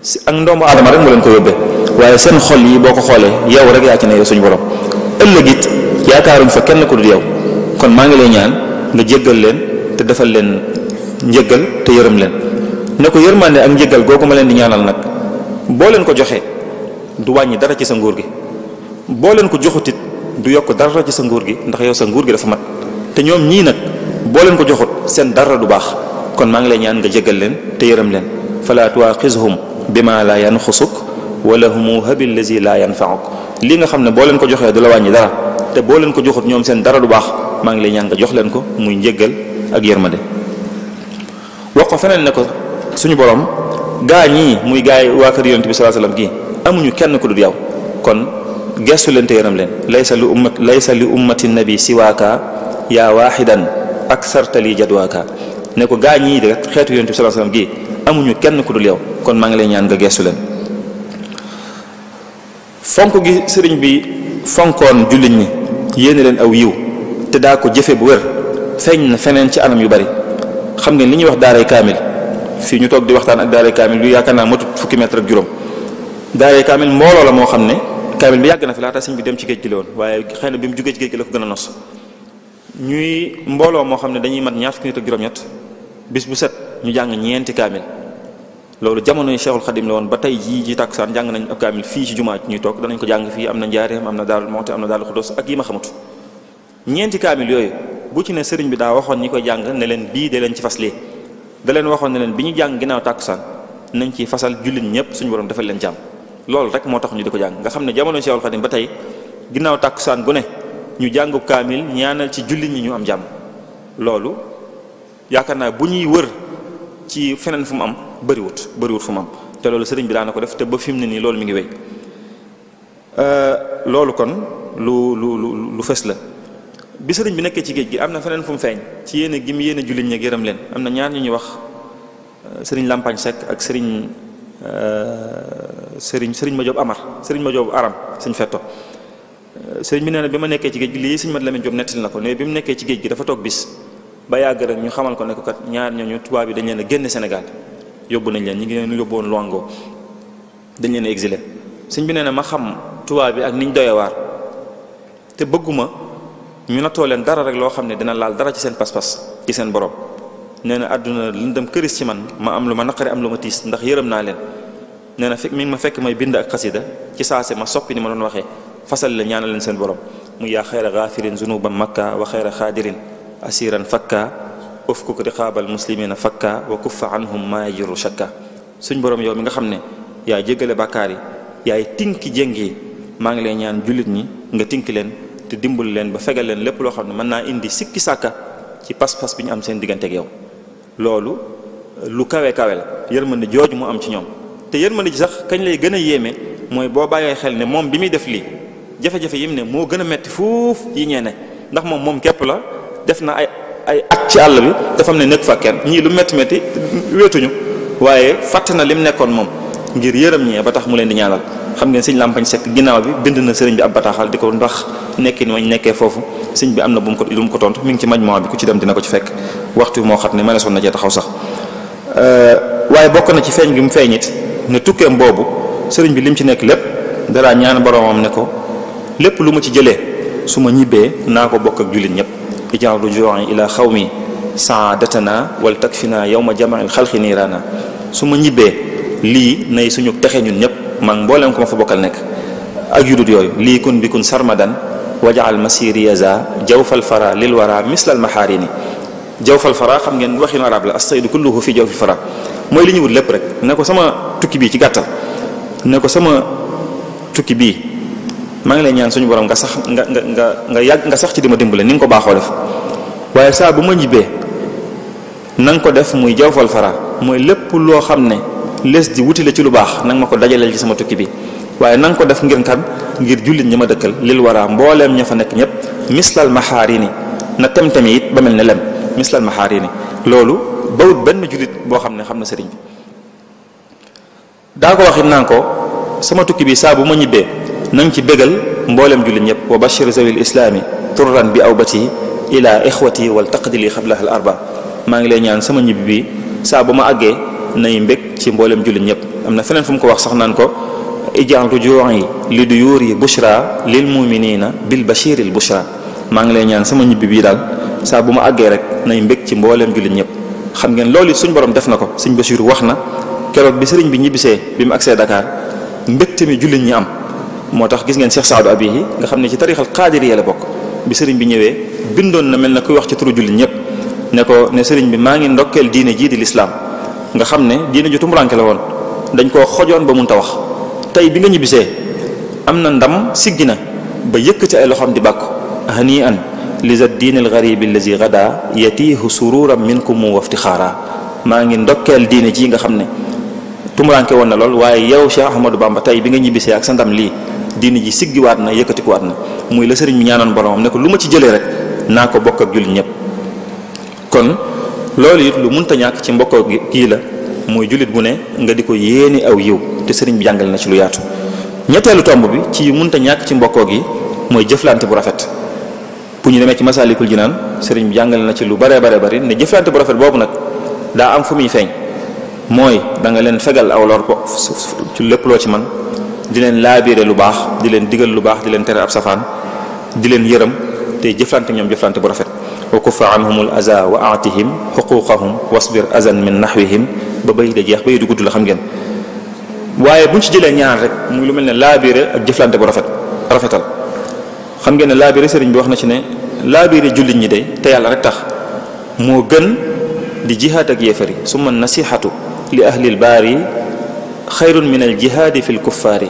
si ak ndoomu aadama rek mu leen ko yóbbee waaye seen xol yi boo ko xoolee yow rek yaa ne yow suñu borom ëllëg it yaakaaruñ fa kenn ku dul yow kon maa ngi lay ñaan nga jéggal leen te defal leen njëggal te yërëm leen ne ko yërmande ak njëggal googu ma leen di ñaanal nag boo leen ko joxee du wàññi dara ci sa nguur gi boo leen ko joxutit du yokk dara ci sa nguur gi ndax yow sa nguur gi dafa mat te ñoom ñii nag boo leen ko joxut seen dara du baax kon maa ngi lay ñaan nga jéggal leen te yërëm leen fala tuaxizhum bi ma la yanxusuk wala humu habil lazi yan yanfauk li nga xam ne boo leen ko joxee du la wàññi dara te boo leen ko joxut ñoom seen dara du baax maa ngi lay ñaan nga jox leen ko muy njëggal ak yërmande wax ko feneen ne ko suñu borom gaa ñii muy gaa yi waa kër yonent bi sallallahu alayhi gi amuñu kenn ku dul yow kon gestu leen te leen laysa li ummat laysa li ummati nabi siwaaka yaa waaxidan ak sartali jadwaaka ne ko gaa ñii de xeetu yonent bi sallallahu alayhi wasallam gi amuñu kenn ku dul yow kon maa ngi lay ñaan nga geesu leen fonk gi sëriñ bi fonkon jullit ñi yéene leen aw yiw te daa ko jëfe bu wér feeñ na feneen ci anam yu bari xam ngeen li wax daaray ñu di waxtaan ak daaray kamil yu yaakaar naa matut fukki mètre ak juróom daaray kaamil mbooloo la moo xam ne bi yàgg na fi laata sëñ bi dem ci géej gi la woon waaye xëy na bi mu jugee ci la ko nos ñuy dañuy mat ñaar fukki nit ak bis bu set ñu jàng ñeenti kaamil loolu jamono yi Cheikhul Khadim la woon ba tey jii ji tàkkusaan jàng nañ ab kaamil fii ci jumaa ñuy toog danañ ko jàng fii am na njaareem am na daarul moxti am na daarul xudos ak yi ma xamut ñeenti kaamil yooyu bu ci ne sëriñ bi daa waxoon ñi koy jàng ne leen bii de leen ci fas lii da leen waxoon ne leen bi ñu jàng ginnaaw tàkkusaan nañ ci fasal jullit ñëpp suñu borom defal leen jàmm loolu rek moo tax ñu di ko jàng nga xam ne jamono Cheikhul Khadim ba tey ginnaaw tàkkusaan gu ne ñu jàngub kaamil ñaanal ci jullit ñi ñu am jàmm loolu naa bu ñuy wër ci feneen fu mu am bëriwut bëriwut fu mu am te loolu sëriñ bi daan ko def te ba fi mu ne nii loolu mi ngi wéy euh, loolu kon lu lu lu lu la bi sëriñ bi nekkee ci géej gi am na feneen fu mu feeñ ci yéen gi mu yéen a jullit ña gërëm leen am na ñaar ñu ñuy wax euh, sëriñ Lampagne Seck ak sëriñ euh, sëriñ ma Majoob Amar sëriñ Majoob Aram sëñ Fetto sëriñ bi nee na bi ma nekkee ci géej gi lii sëñ Mat Lamin Joob nettali na ko ne bi mu nekkee ci géej gi dafa toog bis ba yàgg rek ñu xamal ko ne ko kat ñaar ñooñu tubaab bi dañ leen a génn Sénégal yóbbu nañ leen ñi ngi leen yóbboon longo dañ leen a exilé sëñ bi nee na ma xam tubaab bi ak niñ doyewaar te bëgguma ñu nattoo leen dara rek loo xam ne dina laal dara ci seen pas-pas ci seen borom nee na àdduna lëndëm këris ci man ma am lu ma naqari am lu ma tiis ndax yërëm naa leen nee na fekk mi ma fekk may bind ak xasida ci saase ma soppi ni ma doon waxee fasal la ñaanal leen seen borom mu yaa xayra gaafirin zunuban makka wa xayra xaadirin asiran fakka ufkuk riqaabal muslimina fakka wa kuffa anhum maa yajiru shakka suñ borom yow mi nga xam ne yaa jéggale bàkkaar yi yaay tinki jéng yi maa ngi lay ñaan jullit ñi nga tinki leen te dimbali leen ba fegal leen lépp loo xam ne mën naa indi sikki sàkka ci pas-pas bi ñu am seen diggante ak yow loolu lu kawe kawe la yërmande jooju mu am ci ñoom te yërmande ji sax kañ lay gën a yéeme mooy boo bàyyee xel ne moom bi muy def lii jafe-jafe yi mu ne moo gën a metti fuuf yi ñee ne ndax moom moom képp la def na ay ay at ci àll bi dafa am ne nekk fa kenn ñii lu métti métti wéetuñu waaye fàtte na lim nekkoon moom ngir yërëm ñee ba tax mu leen di ñaanal xam ngeen sëñ Lampagne Seck ginnaaw bi bind na sëriñ bi ab di ko ndax nekkin wañ nekkee foofu sëñ bi am na bu ko lu mu ko tontu mi ngi ci majmuwa bi ku ci dem dina ko ci fekk waxtu moo xam ne mëneesoon na cee taxaw sax euh, waaye bokk na ci feeñ gi mu feeñ it ne tukkeem boobu sëriñ bi lim ci nekk lépp dara ñaan boromam ne ko lépp lu ma ci jëlee su ma ñibbee naa ko bokk ak jullit ñëpp اجعل رجوعي الى خومي سعادتنا ولتكفينا يوم جمع الخلق نيرانا سوما نيبي لي ناي سونو تخي نون نيب مان بولم كوما فا بوكال نيك اك يودوت يوي لي كون بكون سرمدان وجعل مسيري يزا جوف الفرا للورا مثل المحارين جوف الفرا خم نين واخين عرب لا السيد كله في جوف الفرا موي لي نيوت ليب رك نكو سما توكي بي سي غاتال نكو سما توكي بي Mang ngi lay ñaan suñu borom nga sax nga nga nga yag nga sax ci dima dimbale ni nga ko baxo def waye sa bu ma ñibbee na ko def muy jawfal fara mooy lepp lo xamné les di la ci lu bax nang mako ma ci sama tukki bi waye nang ko def ngir kan ngir jullit ñima dekkal lil wara mbooleem ñafa nek ñep mislal maharini na tem ba melne lem mislal maharini lolu bawut ben julit bo xam xamna serigne da ko waxit naan ko sama tukki bi sa bu ma نانتي بغل مبولم جولي نيب وبشر زوي الاسلام تران باوبتي الى اخوتي والتقدي خبلها الاربع ماغي لي نيان سما نيب بي سا بما اغي ناي مبك سي مبولم جولي نيب امنا فنن فمكو واخ سخ نانكو اجانتو جوعي لدو يوري بشرى للمؤمنين بالبشير البشرى ماغي لي نيان سما نيب بي دال سا بما اغي رك ناي مبك سي مبولم جولي نيب xam ngeen loolu suñ borom def na ko suñ bashir wax na bi sëriñ bi ñibbisee bi accès dakar mbégte mi am motax gis ngeen Cheikh Saadu Abihi nga xam ne ci tarixal qaadiriya la bok bi serigne bi ñewé bindon na melna na kuy wax ci turu julli ñep ne ko ne serigne bi ma ngi ndokkel diine ji di l'islam nga xamne diine ju tumuranke la won dañ ko xojoon ba munta wax tay bi nga ñibise amna ndam sigina ba yëkk ci ay loxam di bàkku hani an li din al gharib allazi ghada yatiihu sururan minkum wa iftikhara ma ngi ndokkel diine ji nga xamne ne tumuranke woon na lol waye yow Cheikh Ahmadou Bamba tay bi nga ñibise ak sa ndam diini ji siggiwaat na yëkkatikuwaat na muy la sëriñ bi ñaanoon boromam ne ko lu ma ci jëlee rek naa ko bokk ak jullit ñëpp kon loolu it lu munta ñàkk ci mbokkoo kii la muy jullit bu ne nga di ko yéene aw yiw sëriñ bi jàngale na ci lu yaatu ñetteelu tomb bi ci munta ci mbokkoo gi mooy jëflante bu rafet bu ñu demee ci masaalikul naan sëriñ bi jàngale na ci lu baree bare bari ne jëflante bu rafet boobu nag daa am fu muy feeñ mooy danga leen fegal aw lor ko lépp loo ci man di len laabiire lu bax di len digël lu bax di len tere ab safan di len yërëm te jëflante ñom jëflante bu rafet wa kufa anhumul aza wa aatihim xuquqahum wasbir azan min nahwihim ba bay da jeex bay du gudd la xam ngeen waye buñ ci jëlé ñaar rek muy lu melni ne ak jëflante bu rafet rafetal xam ngeen ne sëriñ bi wax na ci ne laabire jullit ñi de te yàlla rek tax mo gën di jihad ak yéfari summa nasihatu li al bari خير من الجهاد في الكفار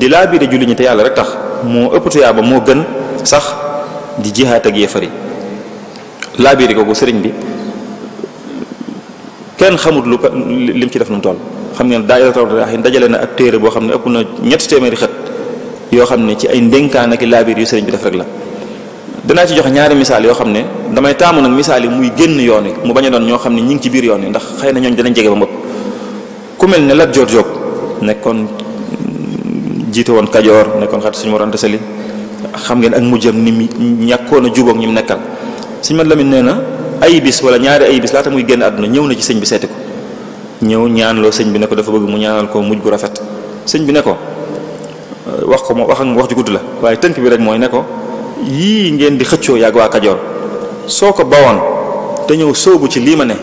دي لا بي دجولي نتا يالا رك تخ مو اوبتو يابا مو گن صح دي جهاد اك يفري لا بي ري كوكو سيرن بي كان خمود لو ليم سي داف نون تول خامن دايره تول راه دجالنا اك تير بو خامن اوبنا نيت تيمري خت يو خامن سي اي ندنكان اك لا بي ري سيرن بي داف رك لا dana ci jox ñaari misal yo xamne damay tamu nak misal yi muy genn yoni mu baña don ño xamne ñing ci bir yoni ndax xeyna ñoo dinañ jégué ba mbop ku mel ne Lat Joor Joob nekkoon mm, jiite woon Kajoor nekkoon xat suñu Mor Anta Sali xam ngeen ak mujjam ni mu ñàkkoon a jubóog ñi mu nekkal suñu man Lamin nee na ay bis wala ñaari ay bis laata muy génn àdduna ñëw na ci sëñ bi seeti ko ñëw ñaanloo sëñ bi ne ko dafa bëgg mu ñaanal ko mujj gu rafet sëñ bi ne ko euh, wax ko wax ak wax ju gudd la waaye tënk bi rek mooy ne ko yii ngeen di xëccoo yàgg waa Kajoor soo ko bawoon te ñëw sóobu ci lii ma ne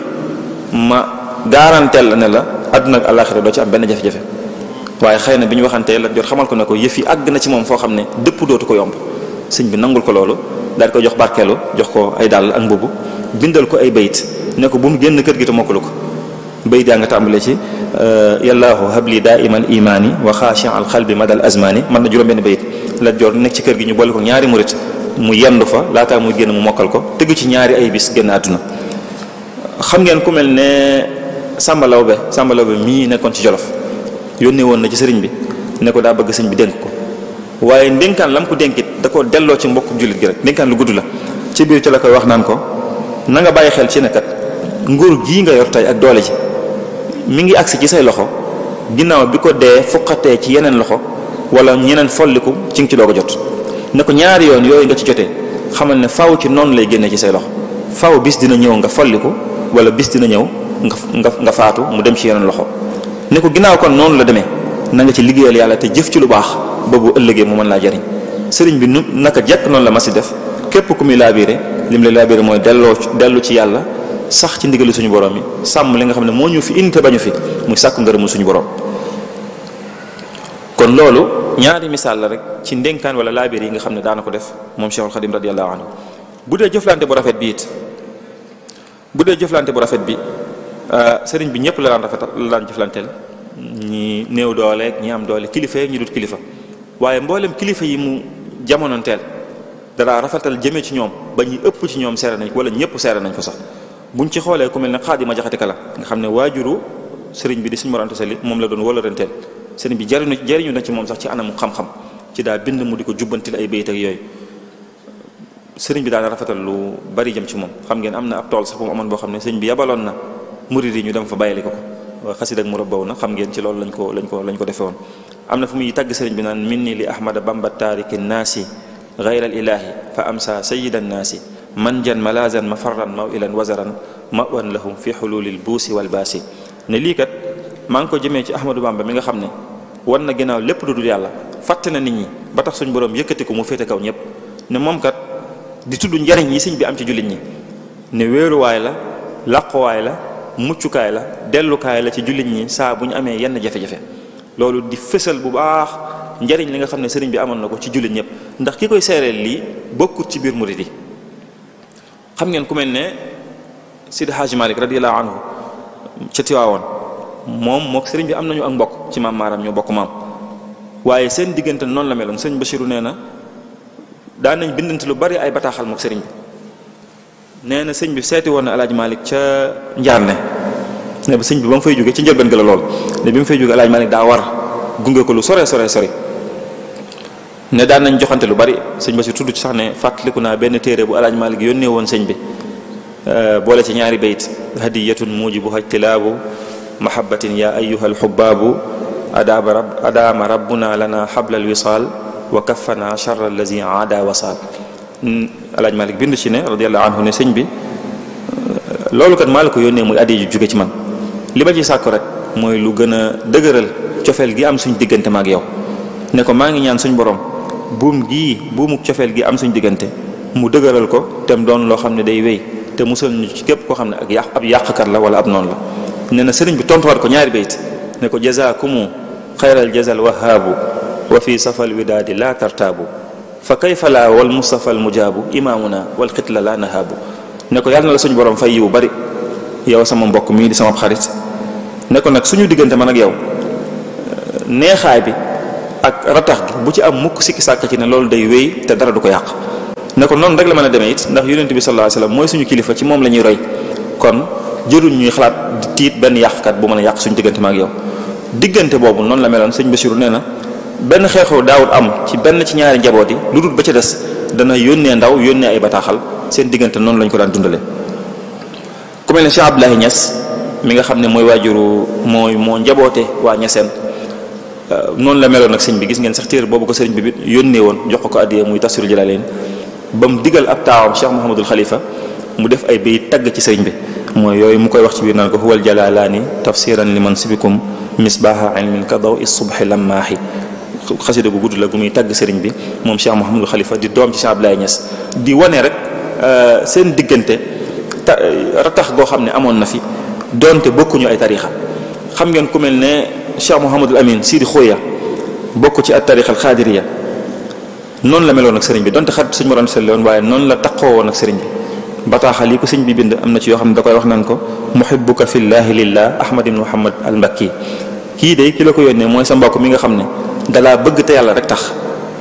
ma garanteel la ne la àdduna ak àllaaxira doo ci am benn jafe-jafe waaye xëy na bi ñu waxantee la jor xamal ko ne ko yëf yi àgg na ci moom foo xam ne dëpp dootu ko yomb sëñ bi nangul ko loolu daal ko jox barkeelu jox ko ay dàll ak mbubu bindal ko ay bayit ne ko bu mu génn kër gi te mokkalu ko bayit yaa nga tàmbalee ci yallaahu habli daiman imaani wa xaachi al xalbi madal azmaani man na juróom benn bayit la jor nekk ci kër gi ñu boole ko ñaari murit mu yendu fa laataa muy génn mu mokkal ko tëgg ci ñaari ay bis génn àdduna xam ngeen ku mel ne Samba Lawbe Samba Lawbe mii nekkoon ci Jolof yónnee woon na ci sëriñ bi ne ko daa bëgg sëriñ bi dénk ko waaye ndénkaan lam ko dénkit da ko delloo ci mbokku jullit gi rek ndénkaan lu gudd la ci biir ci la koy wax naan ko na nga bàyyi xel ci ne kat nguur gi nga yor tey ak doole ji mi ngi agsi ci say loxo ginnaaw bi ko dee fuqatee ci yeneen loxo wala ñeneen folliku ci ngi ci doog ko jot ne ko ñaari yoon yooyu nga ci jotee xamal ne faw ci noonu lay génnee ci say loxo faaw bis dina ñëw nga folliku wala bis ñëw. nga nga faatu mu dem ci yeneen loxo ne ko ginnaaw kon noonu la demee na ci liggéeyal yàlla te jëf ci lu baax ba bu ëllëgee mu mën laa jariñ sëriñ bi nu naka jekk noonu la ma si def képp ku muy laabiré lim lay laabiré mooy delloo dellu ci yàlla sax ci ndigali suñu boroom yi sàmm li nga xam ne moo ñu fi indi te bañu fi muy sàkk ngërëmu suñu borom kon loolu ñaari misaal la rek ci ndénkaan wala laabiré yi nga xam ne daana ko def moom Cheikhul Khadim radiyallahu bi it bu dee bu rafet bi Euh, sëriñ bi ñëpp la daan rafetal la daan jëflanteel ñi néew doole ñi am doole kilifa yi ñu dut kilifa waaye mboolem kilifa yi mu jamonoonteel dara rafetal jëmee ci ñoom ba ñu ëpp ci ñoom seere nañ ko wala ñëpp seere nañ ko sax buñ ci xoolee ku mel ne Xaadima Jaxate Kala nga xam ne waajuru sëriñ bi di Sëriñ Mor Anta Sali moom la doon woloranteel sëriñ bi jariñu na ci moom sax ci anamu xam-xam ci daa bind mu di ko jubbantil ay bayit ak yooyu sëriñ bi daal rafetal lu bari jëm ci moom xam ngeen am na ab tool sax bu boo xam ne sëriñ bi yabaloon na murid yi ñu dem fa bàyyili ko ko xasida ak murabbaw na xam ngeen ci loolu lañ ko lañ ko lañ ko defe woon am na fu muy tàgg sëriñ bi naan minni li ahmada bamba taariki naasi gayral ilaahi fa amsa sayidan naasi manjan ma mafarran mawilan wazaran mawan lahum fi xululil buusi wal baasi ne lii kat maa ngi ko jëmee ci ahmadou bamba mi nga xam ne war na ginnaaw lépp lu dul yàlla fàtte na nit ñi ba tax suñu boroom yëkkati ko mu féete kaw ñëpp ne moom kat di tudd njariñ yi sëñ bi am ci jullit ñi ne wéeruwaay la làquwaay la muccukaay la dellukaay la ci jullit ñi saa bu ñu amee yenn jafe-jafe loolu di fësal bu baax njariñ li nga xam ne sëriñ bi amoon na ko ci jullit ñëpp ndax ki koy seereel lii bokkut ci biir murid yi xam ngeen ku mel ne Sidi Haaji Malik radiyallahu anhu ca Tiwaawoon moom mook sëriñ bi am nañu ak mbokk ci maam maaram ñoo bokk maam waaye seen diggante noonu la meloon sëriñ Bachirou nee na daan nañ bindante lu bari ay bataaxal mook sëriñ bi nee na sëñ bi seeti won na malik ca njarne ne bu sëñ bi bam fay jóge ci njëlbeen ga la lool ne bi mu fay jóge alaaj malik da war gunge ko lu sore sore sore ne daan nañ joxante lu bari sëñ ba si tudd ci sax ne fàttaliku naa benn téere bu alaaj malik yonne won sëñ bi boole ci ñaari bayt hadiyatun mujibu hajtilaabu mahabbatin ya ayyuha alxubaabu adaama rab adama rabbuna lana xabla alwisaal wa kaffana sharra allazi aada wasaal alaj malik bind ci ne radiallahu anhu ne sëñ bi lolou kat malik la ko yónnee muy addi ju jóge ci man li ma ci sàkku rek moy lu gën degeural ciofel gi am suñ diggante mak yow ne ko ma ngi ñaan suñ borom buum gi buumuk ciofel gi am suñ diggante mu degeural ko tem doon lo xamne day wéy te musul ñu ci kep ko xamne ak yàq ab yaq kat la wala ab non la nee na sëriñ bi war ko ñaari bayt ne ko jazaakumu khayral jazal wahhab wa fi safal widaadi la tartabu fa kayfa laa wal mustafa al mujaabu imaamuna wal xitla laa nahaabu ne ko yàlla na la suñu borom fay yiw bari yow sama mbokk mii di sama xarit ne ko nag suñu diggante man ak yow neexaay bi ak ratax gi bu ci am mukk sikki sàkk ci ne loolu day wéy te dara du ko yàq ne noonu rek la mën a deme it ndax yonent bi sallallahu alayhi wasallam mooy suñu kilifa ci moom la ñuy roy kon jëruñ ñuy xalaat di tiit benn yàqkat bu mën a yàq suñu diggante ma ak yow diggante boobu noonu la meloon sëñ Basiru nee na benn xew-xew daawul am ci benn ci ñaari njaboot yi lu dul ba ca des dana yónnee ndaw yónnee ay bataaxal seen diggante noonu lañ ko daan dundale ku mel ne Cheikh Abdoulaye Niass mi nga xam ne mooy waajuru mooy moo njaboote waa Niassène euh, noonu la meloon ak sëñ bi gis ngeen sax téere boobu ko sëriñ bi bi yónnee woon jox ko ko addiyee muy Tafsirul Jalalayn ba mu digal ab taawam Cheikh Mouhamadul Khalifa mu def ay bay tagg ci sëriñ bi mooy yooyu mu koy wax ci biir naan ko huwal jalalaani tafsiran liman sibikum misbaha ilmin kadaw is subhi lammaahi xasida bu gudd la gu muy tàgg bi mom Cheikh mohammed Khalifa di dom ci Cheikh Abdoulaye Niass di woné rek euh sen digënté ratax go xamné amon na fi donte bokku ñu ay tariixa xam ngeen ku melné Cheikh mohammed Amin Sidi Khoya bokku ci at tarixa al khadiriya non la meloon ak serigne bi donte xarit suñu moroon seetlu woon waaye noonu la taqoo won ak serigne bi bata yi ko serigne bi bind amna ci yo xamné da koy wax nan ko muhibbuka fillahi lillah ahmad ibn muhammad al makki ki de ki lako ko moy sa mbokk mi nga xamné dalaa bëgg te yàlla rek tax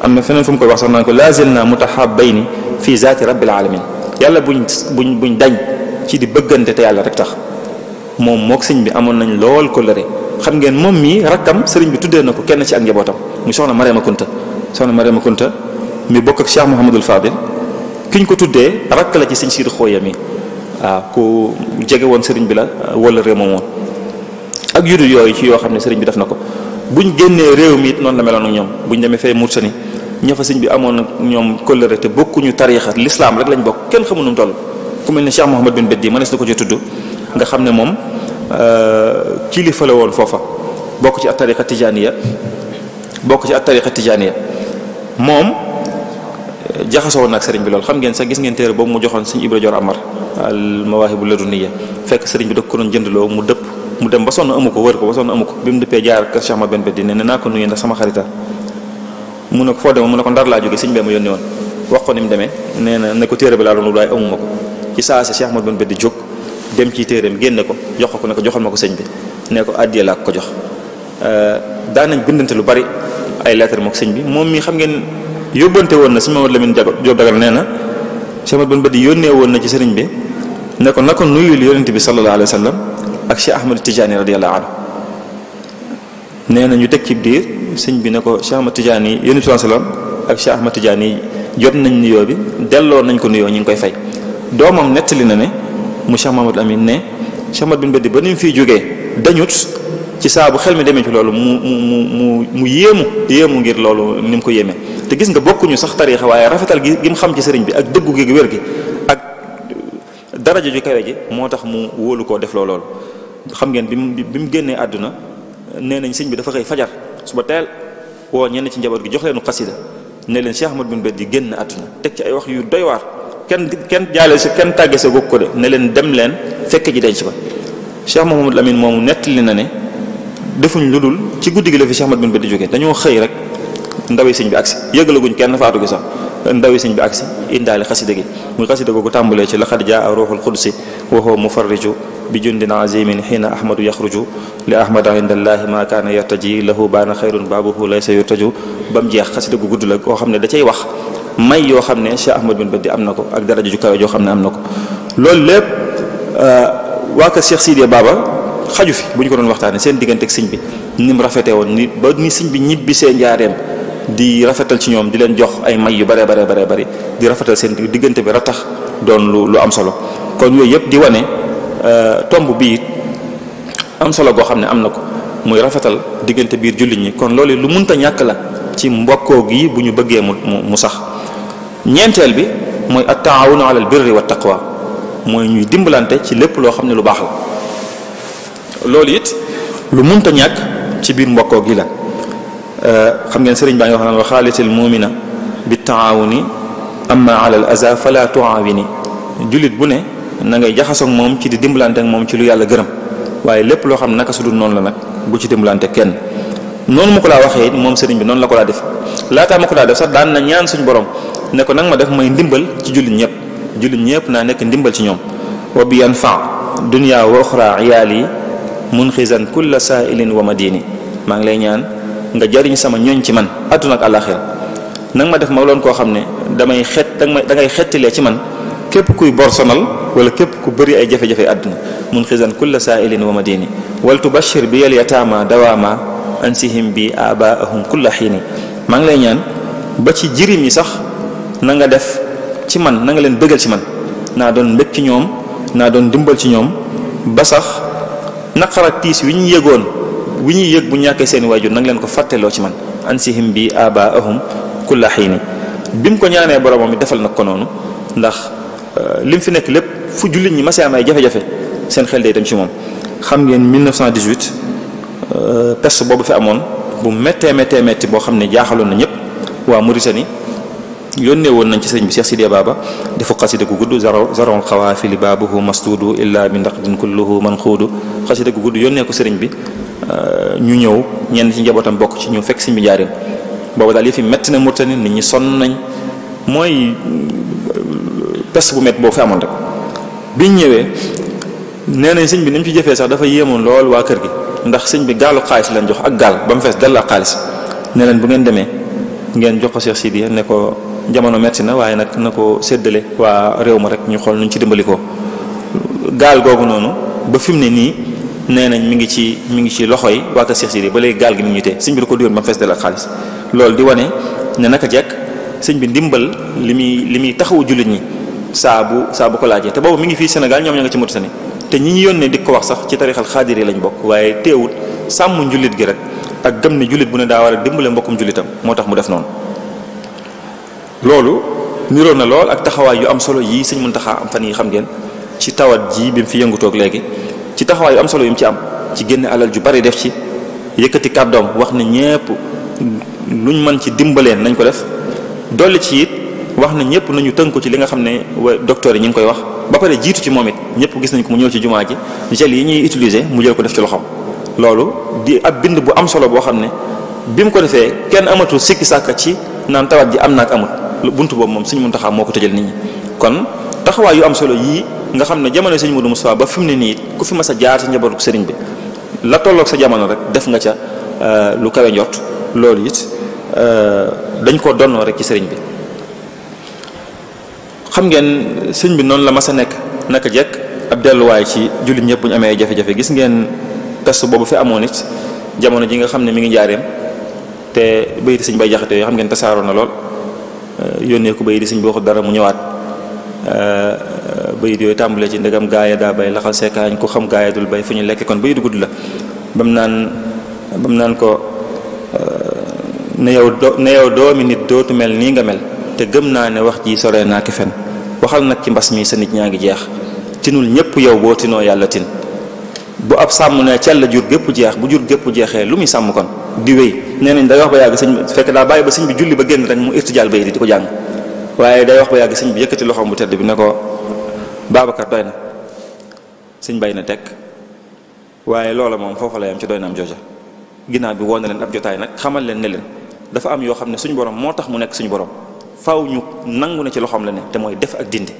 am na feneen fu mu koy wax sax naan ko lazilna mutahabbayni fi zaati rabbil alamin yàlla buñ buñ buñ dañ ci di bëggante te yàlla rek tax moom mook sëñ bi amoon nañ lool ko lëre xam ngeen moom mii rakkam sëriñ bi tuddee na ko kenn ci ak njabootam mu soxna Mariama Kunta soxna Mariama Kunta mi bokk ak Cheikh Mouhamadul Fadil kiñ ko tuddee rakk la ci sëñ Siidi Xooya mi waaw ku jege woon sëriñ bi la wala réew moom woon ak yudu yooyu ci yoo xam ne sëriñ bi def na ko buñ génnee réew mi it noonu la meloon ak ñoom buñ demee fee mursani ña fa sëñ bi amoon ak ñoom kóllëre te bokkuñu tariixa lislaam rek lañ bokk kenn xamu nu mu toll ku mel ne Cheikh Mouhamad bin Beddi mënees na ko ci tudd nga xam ne moom euh, kilifa la woon foofa bokk ci at tariixa tijaaniya bokk ci at tariixa tijaaniya moom jaxasoo woon ak sëriñ bi lool xam ngeen sax gis ngeen téere boobu mu joxoon sëñ Ibra Joor Amar al mawaahibu laduniya fekk sëriñ bi da ko doon jëndloo mu dëpp mu dem ba sonn amu ko wër ko ba sonn amu ko bi mu dëppee jaar kër Cheikh ma benn bët di ne ne naa ko foo demee mu ne ko ndar laa jógee sëñ bee ma yónni woon wax mu demee nee na ne ko téere bi laa doon waaye amuma ko saa si ma benn bët di jóg dem ci téereem génne ko jox ko ne ko joxal ma ko sëñ bi ne ko àddiya laa ko jox euh, daan nañ bindante lu bari ay lettre mook bi moom mi xam ngeen yóbbante woon na sëñ Mamadou Lamine Jóob Dagana nee na Cheikh ma bët di yónnee woon na ci bi ne na ko nuyul yonent bi sallallahu alayhi wa sallam ak Cheikh Ahmad Tijaani radiyallahu anhu nee na ñu teg ci biir sëñ bi ne ko Cheikh Ahmad Tijaani yéen salaam ak Cheikh Ahmad Tijaani jot nañ nuyoo bi delloo nañ ko nuyoo ñu ngi koy fay doomam nettali na ne mu Cheikh Mahamadou Amin ne Cheikh Ahmad bin Badi ba ni mu fiy jógee dañut ci saabu xel mi demee ci loolu mu mu mu mu yéemu yéemu ngir loolu ni mu ko yéemee te gis nga bokkuñu sax tariixa waaye rafetal gi gi xam ci sëriñ bi ak dëggu gi wér gi ak daraja ju kawe ji moo tax mu wóolu koo def loo loolu xam ngeen bimu genné aduna nenañ génnee sëñ bi dafa xëy fajar suba tel wo ñen ci njabot gi jox leenu qasida ne leen Cheikh Ahmad bin Badi génn aduna tek ci ay wax yu doy war ken ken jale ci ken tàgge ci ko de ne leen dem leen fekk ji denc ba Cheikh Mouhamadul Amine moomu nettali na ne defuñ lu ci guddigi la fi Cheikh Ahmad bin Badi joge dañoo xëy rek ndawi sëñ bi aksi yeggaluguñ ken faatu gi sax ndawi sëñ bi aksi indaale qasida gi muy qasida gogu tambule ci la khadija ruhul qudsi wa huwa mufarriju بجند عظيم حين أحمد يخرج لأحمد عند الله ما كان يرتجي له بان خير بابه ليس يرتجو bam jeex xasida gu gudd la koo xam ne da cay wax may yoo xam ne Cheikh Ahmad bin Badi am na ko ak daraja ju kawe joo xam ne am na ko loolu lépp waa kër Cheikh Sidé Baba xaju fi bu ñu ko doon waxtaanee seen diggante ak sëñ bi ni mu rafetee woon ni ba ni sëñ bi ñibbi seen njaareem di rafetal ci ñoom di leen jox ay may yu bare bare bare bari di rafetal seen diggante bi ratax doon lu lu am solo kon yooyu yëpp di wane Euh, tomb bi it solo goo xam ne am na ko muy rafetal diggante biir jullit ñi kon loolu lu munta ñàkk la ci mbokkoo gi bu ñu bëggee mu sax ñeenteel bi mooy at taawunu alal birri wa taqwa mooy ñuy dimbalante ci lépp loo xam ne lu baax la loolu it lu munta ñàkk ci biir mbokkoo gi la euh, xam ngeen sëriñ baa ngi wax naan wa xaalitil muumina bi taawuni amma alal aza fala tuawini jullit bu ne na ngay jaxasoog moom ci di dimbalante ak moom ci lu yàlla gërëm waaye lépp loo xam ne naka su dul noonu la nag bu ci dimbalante kenn noonu ma ko laa waxee moom seriñ bi noonu la ko laa def laataa ma ko laa def sax daan na ñaan suñu borom ne ko nag ma def may ndimbal ci jullit ñëpp jullit ñëpp naa nekk ndimbal ci ñoom wa bi yanfa dunya wa uxra iyaali munxizan kulla saailin wa madini maa ngi lay ñaan nga jariñ sama ñoñ ci man àdduna ak àllaaxira nag ma def ma loon koo xam ne damay xet dangay xettilee ci man képp kuy bor sonal wala képp ku bëri ay jafe-jafe àdduna mun xisan kulla saailin wa madini wal tubashir bi yal yataama dawaama ansihim bi abaahum kulla xiini maa ngi lay ñaan ba ci jirim yi sax na nga def ci man na leen bëggal ci man naa doon mbég ci ñoom naa doon dimbal ci ñoom ba sax naqar ak tiis yëgoon wi ñuy yëg bu ñàkkee seen waajur na leen ko fàtteloo ci man ansihim bi abaahum kulla xiini bi mu ko ñaanee boromam mi defal na ko noonu ndax Euh, lim fi nekk lépp fu jullit ñi mas a am ay jafe-jafe seen xel day dem ci moom xam ngeen pest euh, peste boobu fi amoon bu méttee méttee métti boo xam ne jaaxaloon na ñëpp waa Mauritanie yónnee woon nañ ci sëriñ bi Cheikh Sidiya Baba defu xasida gu gudd zaro zaron xawaafili baabuhu masdudu illa bi ndaqdin kulluhu man xuudu xasida gu gudd yónnee ko sëriñ bi euh, ñu ñëw ñenn ci njabootam bokk ci ñu fekk sëriñ bi njaarim boobu daal yëf yi métti na Mauritanie nit ñi sonn nañ mooy peste bu métti boo fi amoon rek biñ ñëwee nee nañ sëñ bi nañ fi jëfee sax dafa yéemoon lool waa kër gi ndax sëñ bi gaalu xaalis lañ jox ak gaal ba mu fees dell ak xaalis nee leen bu ngeen demee ngeen jox ko Cheikh Sidiya ne ko jamono métti na waaye nag na ko séddale waa réew ma rek ñu xool nuñ ci dimbali ko gaal googu noonu ba fi mu ne nii nee nañ mi ngi ci mi ngi ci loxo yi waa kër ba léegi gaal gi ni ñu tee sëñ bi ko diwoon ba mu fees dell xaalis loolu di wane ne naka jekk sëñ bi ndimbal li muy li muy taxawu jullit ñi Sabu-sabu ko laaje te bobu mi ngi fi senegal ñom ñanga ci Mauritanie te ñi yonne di ko wax sax ci tariikhal khadiri lañ bok waye teewut sàmm julit gi rek ak gem ne julit bu ne da wara a mbokum julitam motax mu def na lool ak taxaway yu am solo yii sëñ Muntaxa am fan yi xam ngeen ci tawat ji bim fi fi tok legi ci taxaway yu am solo yim ci am ci genn alal ju bari def ci yëkkati nyepu wax ne ñepp luñ man ci dimbalé nañ ko def dolli ci it wax na ñëpp nañu tënku ci li nga xam ne docteur yi ñu ngi koy wax ba pare jiitu ci moom it ñëpp gis nañ ko mu ñëw ci jumaa ji gel yi ñuy utiliser mu jël ko def ci loxoom loolu di ak bind bu am solo boo xam ne bi mu ko defee kenn amatul sikki sàkka ci naan tawat ji am na ak amul bunt boobu moom suñ suñu muntaxaa moo ko tëjal nit ñi kon taxawaay yu am solo yii nga xam ne jamono sëñ Modou Moustapha ba fi mu ne nii ku fi ma sa jaar ci njabootu sëriñ bi la tolloog sa jamono rek def nga ca euh, lu kawe njot loolu it euh, dañ ko donnoo rek ci sëriñ bi xam ngeen sëñ bi noonu la mas a nekk naka jekk ab delluwaay ci jullit ñëpp ñu amee jafe-jafe gis ngeen peste boobu fi amoon it jamono ji nga xam ne mi ngi jaareem te bayit sëñ bay jaxate yoo xam ngeen tasaaroo na lool euh, yónnee ko bayit sëñ bi dara mu ñëwaat euh, bayit yooyu tàmbule ci ndegam gaaya daa bay laxal kaañ ku xam gaaya bay fu ñu lekk kon bayit gudd la bam naan bam naan ko euh, ne yow do ne yow doomi nit dootu mel nii nga mel te gëm naa ne wax ji sore naa ki fen waxal nag ci mbas mi sa nit ñaa ngi jeex tinul ñëpp yow boo tinoo yàlla tin bu ab sàmm ne cell la jur gépp jeex bu jur gépp jeexee lu muy sàmm kon di wéy nee nañ day wax ba yàgg sëñ fekk daa bàyyi ba sëñ bi julli ba génn rek mu irtijaal bay di di ko jàng waaye day wax yàgg sëñ bi yëkkati loxoom bu tedd bi ne ko Babacar doy na sëñ bay na teg waaye loola moom foofa la yam ci doy na am jooja ginnaaw bi woon na leen ab jotaay nag xamal leen ne leen dafa am yoo xam ne suñu borom moo tax mu nekk suñu borom faw ñu nangu na ci loxoom la ne te mooy def ak dindi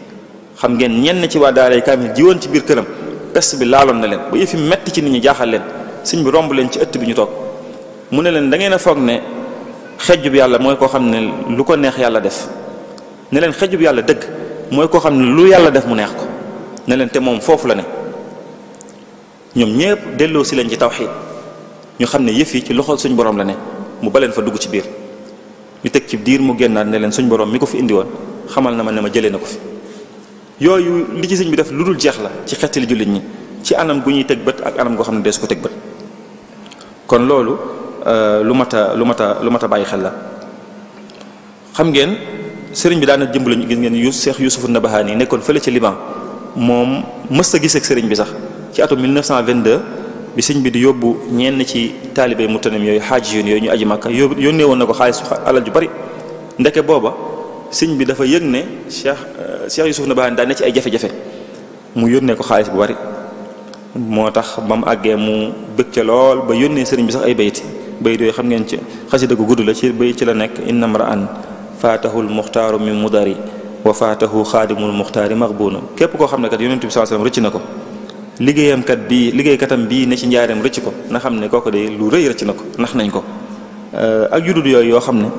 xam ngeen ñenn ci waa daaray kaamil jiwoon ci biir këram pest bi laaloon na leen ba yëfi metti ci nit ñi jaaxal leen suñ bi romb leen ci ëtt bi ñu toog mu ne leen da ngeen a foog ne xejjub yàlla mooy koo xam ne lu ko neex yàlla def ne leen xejjub yàlla dëgg mooy koo xam ne lu yàlla def mu neex ko ne leen te moom foofu la ne ñoom ñëpp delloo si leen ci tawxiid ñu xam ne yëf yi ci loxol suñ borom la ne mu baleen fa dugg ci biir ñu teg ci diir mu génnaat ne leen suñ borom mi ko fi indi woon xamal na ma ne ma jëlee na ko fi yooyu li ci sëñ bi def lu dul jeex la ci xettali jullit ñi ci anam gu ñuy teg bët ak anam goo xam ne dees ko teg bët kon loolu euh, lu mat a lu mat a lu mat a bàyyi xel la xam ngeen sëriñ bi daana jëmb lañu gis ngeen yu Seex Yusufu Nabahaani nekkoon fële ci Liban moom mës a gis ak sëriñ bi sax ci atum bi sëñ bi di yóbbu ñenn ci taalibe mu tanim yooyu xaaj yoon yooyu ñu aji màkka yóbbu yónnee woon na ko xaalis alal ju bari ndeke booba sëñ bi dafa yëg ne Cheikh Cheikh Youssouf Nabaani daan na ci ay jafe-jafe mu yónnee ko xaalis bu bari moo tax ba mu àggee mu bëgg ca lool ba yónnee sëriñ bi sax ay bayit bayit yooyu xam ngeen ci xasida gu gudd la ci bayit ci la nekk innam ra'an faatahul muxtaaru min mudari wa faatahu xaadimul muxtaari maxbuuna képp koo xam ne kat yonent bi sallallahu alayhi wasallam rëcc na ko ligéyam kat bi ligéy katam bi ne ci ndiarém rëcc ko na xamné koko de lu rëy rëcc nako nax nañ ko ak judud yoy yo xamné ne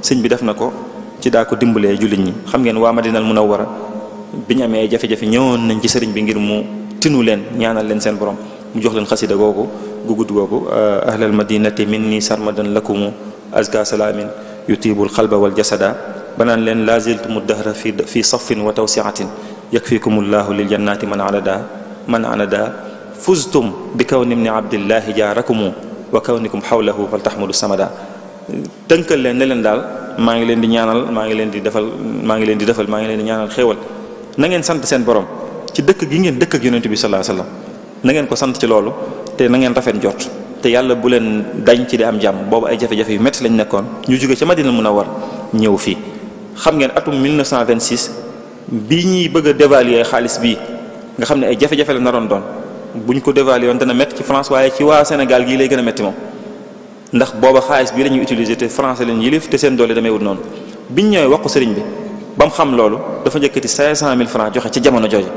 sëñ bi def nako ci da ko dimbalee julit ñi xam ngeen wa Madinal Munawwara bi ñamé jafe-jafe ñëwon nañ ci sëriñ bi ngir mu tinu len ñaanal len seen borom mu jox len xasida gogo gu gudd googu ahlal madinati minni sarmadan lakum azka salaamin yutibul xalba wal jasada banaan leen laziltumu dahra fi fi safin wa tawsiatin yakfikumullahu lil jannati man adada من عندا فزتم بكون ابن عبد الله جاركم وكونكم حوله فلتحملوا السمدا tënkal leen ne leen daal maa ngi leen di ñaanal maa ngi leen di defal maa ngi leen di defal maa ngi leen di ñaanal xéewal na ngeen sant seen borom ci dëkk gi ngeen dëkk ak yonent bi sallallahu alayhi wasallam na ngeen ko sant ci loolu te na ngeen rafet jot te yàlla bu leen dañ ci di am jàmm boobu ay jafe-jafe yu métti lañ nekkoon ñu jóge ca Madina Munawwar ñëw fii xam ngeen atum 1926 bi ñuy bëgg a dévaluer xaalis bii nga xamne ay jafe-jafe la naron doon buñ ko dévaluer on dana met ci France waye ci wa Sénégal gi lay gëna métti mom ndax boba xaliss bi la utiliser te français lañ yelif te sen doole damay wut non biñ ñëwee wax ko sëriñ bi bam xam loolu dafa jëkëti 500000 francs joxe ci jamono jooju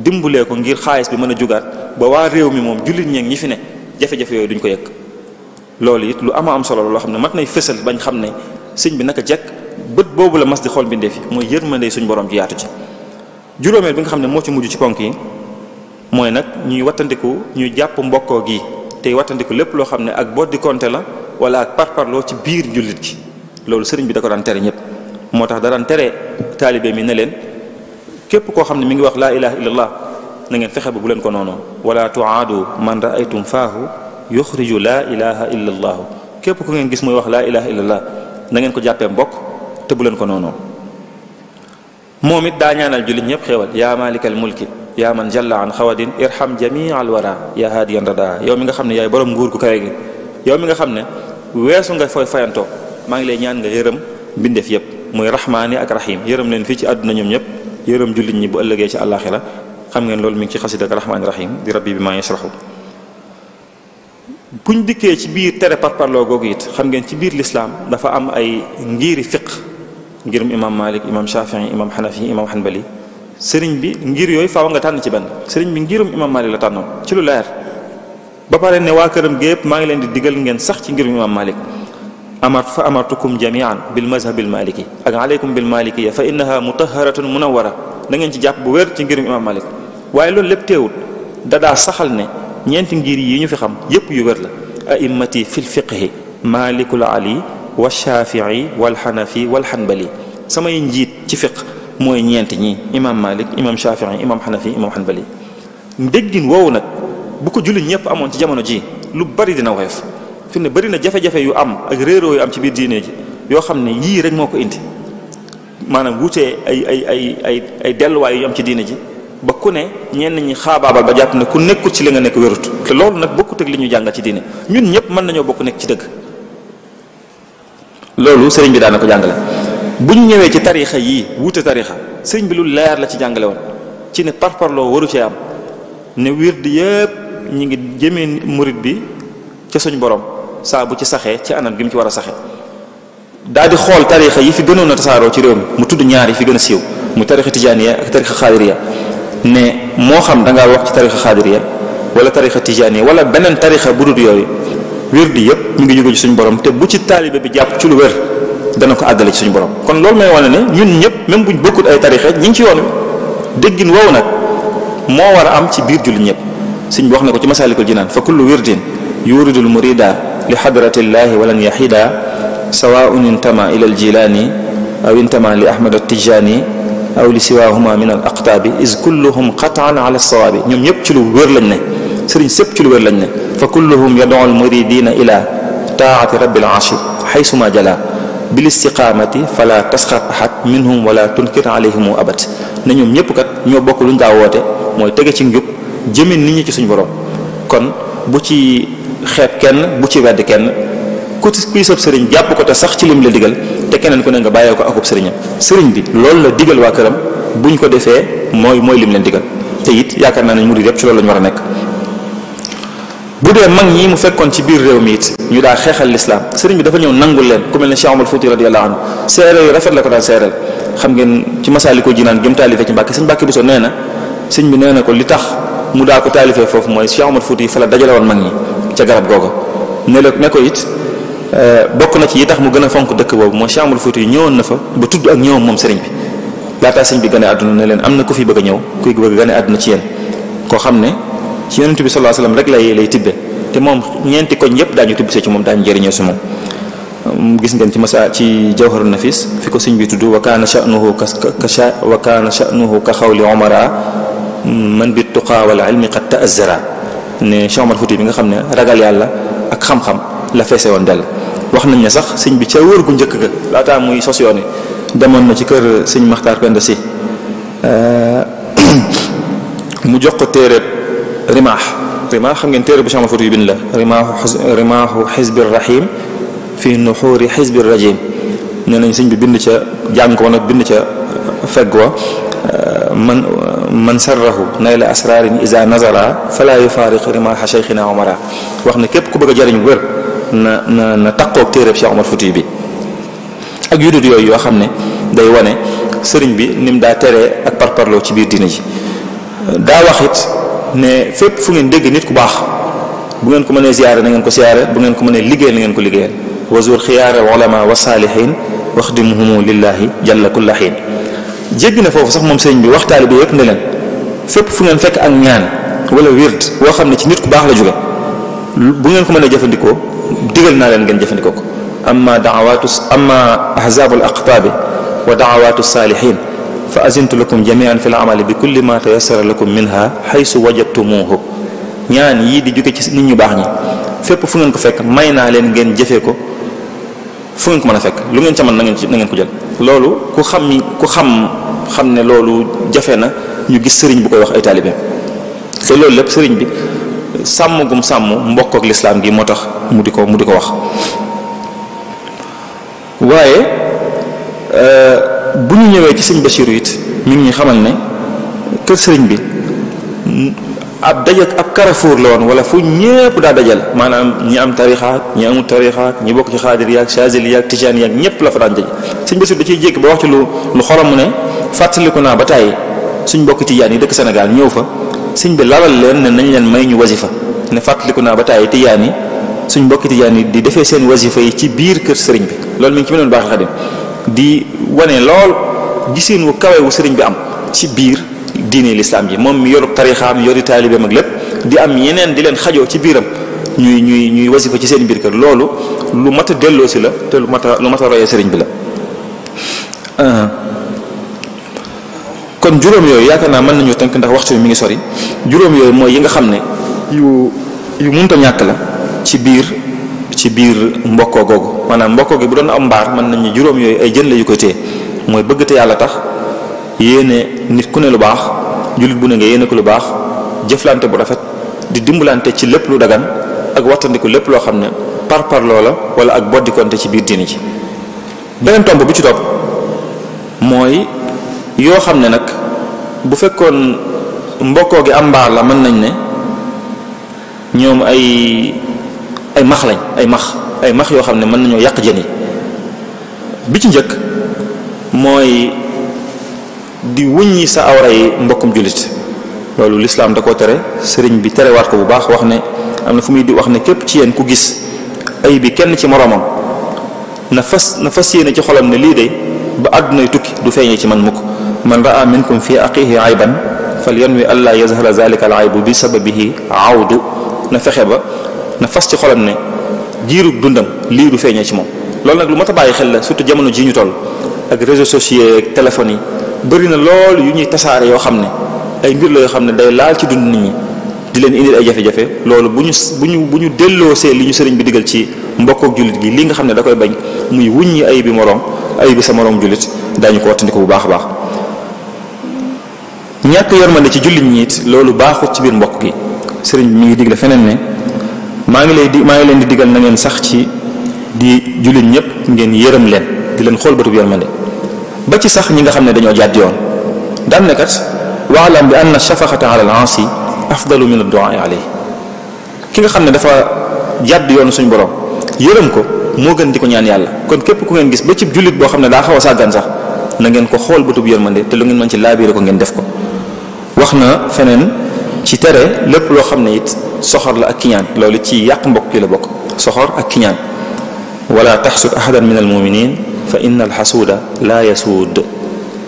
dimbulé ko ngir xaliss bi mëna a jugaat ba wa réew mi mom jullit ñeeg ñi fi ne jafe-jafe yoy duñ ko yek loolu it lu ama am solo lo xamne mat nay fessel bañ xamne sëriñ bi naka jek bët bobu la mas di xol bindé fi moy yërmande suñ borom ci yaatu ci juromel bi nga xamne mo ci muju ci ponk moy nak ñuy watandiku ñuy jàpp mboko gi te watandiku lépp lo xamne ne ak boddi konte la wala ak par parparloo ci biir julit ci lolu serigne bi da ko daan tere ñep motax da daan tere talibé mi ne len kep ko xamne mi ngi wax la ilaha illallah na ngeen fexe bu len ko nono wala tu'adu man raaytum fahu yukhriju la ilaha illallah kep ko ngeen gis moy wax la ilaha illallah na ngeen ko jappé mbok te bu len ko nono moom it daa ñaanal jullit ñëpp xéewal yaa maalikal mulki yaa man jalla an xawadin irham jamii al wara yaa haadiyan radaa yow mi nga xam ne yaay borom nguur gu kawe gi yow mi nga xam ne weesu nga fooy fayantoo maa ngi lay ñaan nga yërëm mbindeef yëpp muy rahmaani ak rahim yërëm leen fii ci àdduna ñoom ñëpp yërëm jullit ñi bu ëllëgee ci àllaaxira xam ngeen loolu mi ngi ci xasid ak rahmaani rahim di rabbi bi maa yasraxu buñ dikkee ci biir tere parparloo googu it xam ngeen ci biir lislaam dafa am ay ngiri fiq ngirum imam malik imam shafii imam hanafi imam hanbali serigne bi ngir yoy faaw nga tan ci benn serigne bi ngirum imam malik la tànnoon ci lu leer ba pare ne wa keureum geep ma ngi len di digal ngeen sax ci ngirum imam malik amar fa amartukum jamian bil al maliki ak alaykum bil maliki fa innaha mutaharatun munawwara da ngeen ci jàpp bu wér ci ngirum imam malik waye lolou lépp teewut da saxal ne ñent ngir yi ñu fi xam yep yu wér la a'immati fil fiqh malikul ali wa shafii wal xanafi wal xanbali samay njiit ci fiq mooy ñeent ñi imam malik imam shafii imam xanafi imam xanbali ndéggin woowu nag bu ko jullit ñëpp amoon ci jamono ji lu bari dina woyof fi ne bari na jafe-jafe yu am ak réeroo yu am ci biir diine ji yoo xam ne yii rek moo ko indi maanaam wutee ay ay ay ay ay delluwaay yu am ci diine ji ba ku ne ñenn ñi xaabaabal ba jàpp ne ku nekkul ci li nga nekk wérut te loolu nag bokkut ak li ñu jàngal ci diine ñun ñëpp mën nañoo bokk nekk ci dëgg loolu sëriñ bi daanako jàngale bu ñu ñëwee ci tarixa yi wute tarixa sëriñ bi lu leer la ci jàngale woon ci ne parparloo waru cee am ne wird yépp ñu ngi jëmee murit bi ca suñ borom saa bu ci saxee ci anam gi mu ci war a saxe daal di xool tarixa yi fi gënoon a tasaaroo ci réew mi mu tudd ñaar yi fi gën a siiw mu tarixa tijaaniya ak tarixa xaadiriya ne moo xam da ngaa wax ci tarixa xaadiriya wala tarixa tijaaniya wala beneen tarixa bu dul yooyu wird yëpp mu ngi jóge ci suñu borom te bu ci taalibe bi jàpp ci lu wér dana ko àggale ci suñu borom kon loolu may wane ne ñun ñëpp même buñ bokkut ay tarixe ñi ngi ci yoon wi déggin woowu nag moo war a am ci biir jullit ñëpp suñu bi wax na ko ci masaalikul jinaan fa kullu wirdin yuridul murida li xadratillaahi walan yaxida sawaun intama ila al jilaani aw intama li ahmad al tijaani aw li siwaahuma min al aqtaabi is kulluhum qataan ala sawaabi ñoom ñëpp ci lu wér lañ ne sëriñ sëpp ci lañ ne fa kulluhum yad'u al-muridina ila taa'ati rabbil arshi xaysuma jala bil istiqaamati fala tasxat ahad minhum wala tunkir alayhimu abad na ñoom ñëpp kat ñoo bokk lu ñu woote mooy tege ci njub jëmin nit ñi ci suñu borom kon bu ci xeeb kenn bu ci wedd kenn ku ci kuy sëriñ jàpp ko te sax ci lim la digal te keneen ku ne nga bàyyee ko akub sëriñam sëriñ bi loolu la digal waa këram buñ ko defee mooy mooy lim leen digal te it yaakaar naa ne murid yëpp ci loolu war a nekk. bu dee mag ñi mu fekkoon ci biir réew mi it ñu daa xeexal lislaam sëriñ bi dafa ñëw nangul leen ku mel ne Cheikh Omar Fouti radiyallahu anhu seere yu rafet la ko daan seereel xam ngeen ci masaalikoo jinaan jëm taalife ci mbàkke sëñ mbàkke bi so nee na sëñ bi nee na ko li tax mu daa ko taalifee foofu mooy Cheikh Omar Fouti fa la dajale woon mag ñi ca garab googa ne la ne ko it euh, bokk na ci yi tax mu gën a fonk dëkk boobu mooy Cheikh Omar Fouti ñëwoon na fa ba tudd ak ñëwam moom sëriñ bi laataa sëñ bi gane àdduna ne leen am na ku fi bëgg a ñëw kuy bëgg gane àdduna ci koo xam ne ci yonent bi sallallahu alayhi wasallam lay lay tibbe te moom ñeenti koñ yépp daañu tibb see ci moom daañu jëriñoo si moom gis ngeen ci masa ci jawharu nafis fi ko sëñ bi tudd wa kaana sha'nuhu ka sha wa kaana sha'nuhu xawli man bi tuqaa wal ilmi qad ta'azzara bi nga xam ne ragal yàlla ak xam la feese woon dell wax nañ ne sax sëñ bi ca wër gu njëkk ga laataa muy sos yoon demoon na ci kër sëñ Maxtaar Penda si mu jox ko téere rimaax rimaax xam ngeen téere bu Cheikh Omar Foutiyou bind la rimaaxu rimaaxu xisbir rahim fii nuxuuri xisbir rajim nee nañ sëñ bi bind ca jàng ko nag bind ca fegg wa man man sarrahu nayla asrarin isa nazara fala yufaariq rimaaxa cheikhina omara wax ne képp ku bëgg a jariñ wér na na na taqoog téereb Cheikh Omar Foutiyou bi ak yudut yooyu yoo xam ne day wane sëriñ bi nim daa teree ak parparloo ci biir diina ji daa wax ne fépp fu ngeen dégg nit ku baax bu ngeen ko mënee ziyaare na ngeen ko ziyaare bu ngeen ko mënee liggéeyal na ngeen ko liggéeyal wazur xiyaar al ulama wa saalihin waxdimuhumu lillahi jalla kulla xiin jéggi na foofu sax moom sëñ bi waxtaali bi yëpp ne leen fépp fu ngeen fekk ak ñaan wala wird woo xam ne ci nit ku baax la jóge bu ngeen ko mënee jëfandikoo digal naa leen ngeen jëfandikoo ko amma daawaatu amma ahzaabul aqtaabi wa daawaatu saalihin fa azintu lakum jamian fi l amali bi kulli ma tayassara lakum minha haysu wajadtumuhu ñaan yii di jóge ci nit ñu baax ñi fépp fu ngeen ko fekk may naa leen ngeen jëfee ko fu ngeen ko mën a fekk lu ngeen ca man na ngeen na ngeen ko jël loolu ku xam ku xam xam ne loolu jafe na ñu gis sëriñ bu koy wax ay taalibeem te loolu lépp sëriñ bi sàmm gum sàmm mbokk ak lislaam gi moo tax mu di ko mu di ko wax waaye euh, bu ñu ñëwee ci sëñ Bachir it mi ngi ñuy xamal ne kër sëriñ bi ab daj ak carrefour la woon wala fu ñëpp daa dajal maanaam ñi am tarixaak ñi amul tarixaak ñi bokk ci xaadir yaak chazili yaak tijaan yaak ñëpp la fa daan daj sëñ Bachir da ciy jékki ba waxtu lu lu mu ne fàttaliku naa ba tàyyi suñ bokk tijaan yi dëkk Sénégal ñëw fa sëñ bi lalal leen ne nañ leen may ñu wasifa ne fàttaliku naa ba tàyyi tijaan yi suñ bokk tijaan yi di defee seen wasifa yi ci biir kër sëriñ bi loolu mi ngi ci mënoon baax xadim di wane lool giseen wu kawe wu sëriñ bi am ci biir diine lislaam yi moom mi yorub tarixaam yori taalibeem ak lépp di am yeneen di leen xajoo ci biiram ñuy ñuy ñuy wasifa ci seen biir kër loolu lu mat a delloosi la te lu mat a lu mat a royee sëriñ bi la ah. kon juróom yooyu yaakaar naa mën nañu tenk ndax wax waxtu mi ngi sori juróom yooyu mooy yi nga xam ne yu yu munta ñàkk la ci biir ci biir mbokkoo googu maanaam mbokkoo gi bu doon am mbaar mën nañu juróom yooyu ay jën la yu koy téye mooy bëgg te yàlla tax yéene nit ku ne lu baax jullit bu ne nga yéene ko lu baax jëflante bu rafet di dimbalante ci lépp lu dagan ak wattandiku lépp loo xam ne par par loola wala ak boddikonte ci biir diini ji beneen tomb bi ci topp mooy yoo xam ne nag bu fekkoon mbokkoo gi am mbaar la mën nañ ne ñoom ay ay max lañ ay max ay max yoo xam ne mën nañoo yàq jën yi bi ci njëkk mooy di wuññi sa awra yi mbokkum jullit loolu lislaam da koo tere sëriñ bi tere terewaat ko bu baax wax ne am na fu muy di wax ne képp ci yéen ku gis ay bi kenn ci moroomam na fas na fas yéene ci xolam ne lii de ba àddunay tukki du feeñee ci man mukk man raa minkum fi aqihi ayban fal yanwi an laa yazhara zalika al aybu bi sababihi awdu na fexe ba na fas ci xolam ne jiirug dundam lii du feeñee ci moom loolu nag lu mat a bàyyi xel la surtout jamono ji ñu toll ak réseaux sociaux ak yi bëri na lool yu ñuy tasaare yoo xam ne ay mbir la yoo xam ne day laal ci dund nit ñi di leen indil ay jafe-jafe loolu bu ñu bu ñu bu ñu delloosee li ñu sëriñ bi digal ci mbokk jullit gi li nga xam ne da koy bañ muy wuññi ay bi moroom ay bi sa moroom jullit daañu ko wattandi bu baax a baax ñàkk yërmande ci jullit ñi it loolu baaxut ci biir gi sëriñ bi maa ngi lay di maa ngi leen di digal na ngeen sax ci di jullit ñëpp ngeen yërëm leen di leen xool bëtub yërmande ba ci sax ñi nga xam ne dañoo jàdd yoon daan ne kat waalam bi anna shafaqata ala al-aasi afdalu min ad-du'aa alayhi ki nga xam ne dafa jàdd yoon suñ borom yërëm ko moo gën di ko ñaan yàlla kon képp ku ngeen gis ba ci jullit boo xam ne daa xaw a sàggan sax na ngeen ko xool bëtub yërmande te lu ngeen mën ci laabiire ko ngeen def ko lépp loo xam ne it soxor la ak kiñaan loolu ci yàq mbokk yi la bokk soxor ak kiñaan wala taxsud ahadan min al muminin fa inna al xasuuda laa yasuud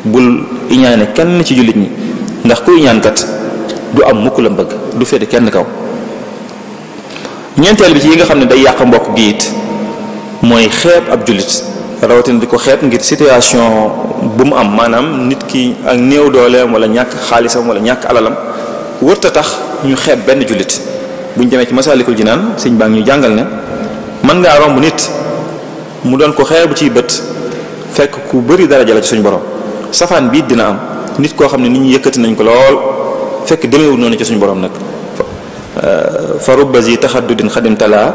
bul iñaane kenn ci jullit ñi ndax ku iñaan kat du am mukk la mbëgg du féete kenn kaw ñeenteel bi ci yi nga xam ne day yàq mbokk gi mooy xeeb ab jullit rawatina di ko xeeb ngir situation bu mu am maanaam nit ki ak néew dooleem wala ñàkk xaalisam wala ñàkk alalam wërta tax ñu xeeb benn jullit buñ démé ci masalikul jinan sëñ baa ñu jàngal ne man nga romb nit mu don ko xeebu ci bëtt fekk ku bëri dara jala ci señ borom safan bi dina am nit ko xamné nit ñi yëkëti nañ ko lool fekk démé wu non ci señ borom nak fa rubba zi taxaddudin khadim tala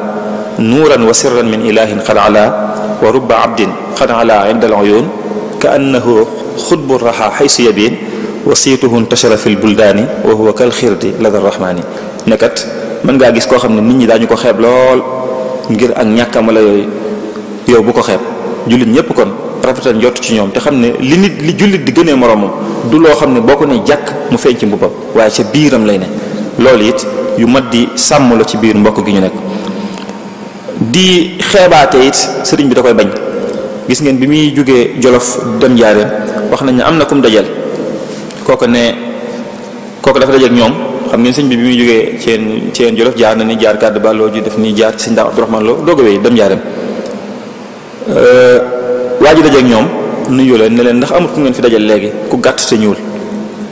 nuran wa sirran min ilahin xad ala wa rubba abdin xad ala inda al uyun ka annahu xudbu raxa xaysu yabin wasituhu intashara fil buldani wa huwa kal khirdi ladar rahmani nekat man nga gis ko xamne nit ñi dañu ko xeb lol ngir ak ñàkkam wala yoy yow bu ko xeb julit ñepp kon rafetal jot ci ñom te xamne ne li nit li julit di gëne morom du lo xamne ne ne jak mu feñ ci mbubam waye ci biram lay ne lol it yu maddi di sam la ci bir mbokk gi ñu nek di xeebaate it serign bi da koy bañ gis ngeen bi mi jolof dem jaare wax nañ ne amna kum dajal koko ne koko dafa dajal ñom xam ngeen sëñ bi bi muy jógee ceen ceen jolof jaar na ni jaar kàddu ba loo def ni jaar ci sëñ daam Abdourahman Lo doog a wéy dem jaareem euh, waa ji dajeeg ñoom nuyu leen ne leen ndax amut ku ngeen fi dajal léegi ku gàtt te ñuul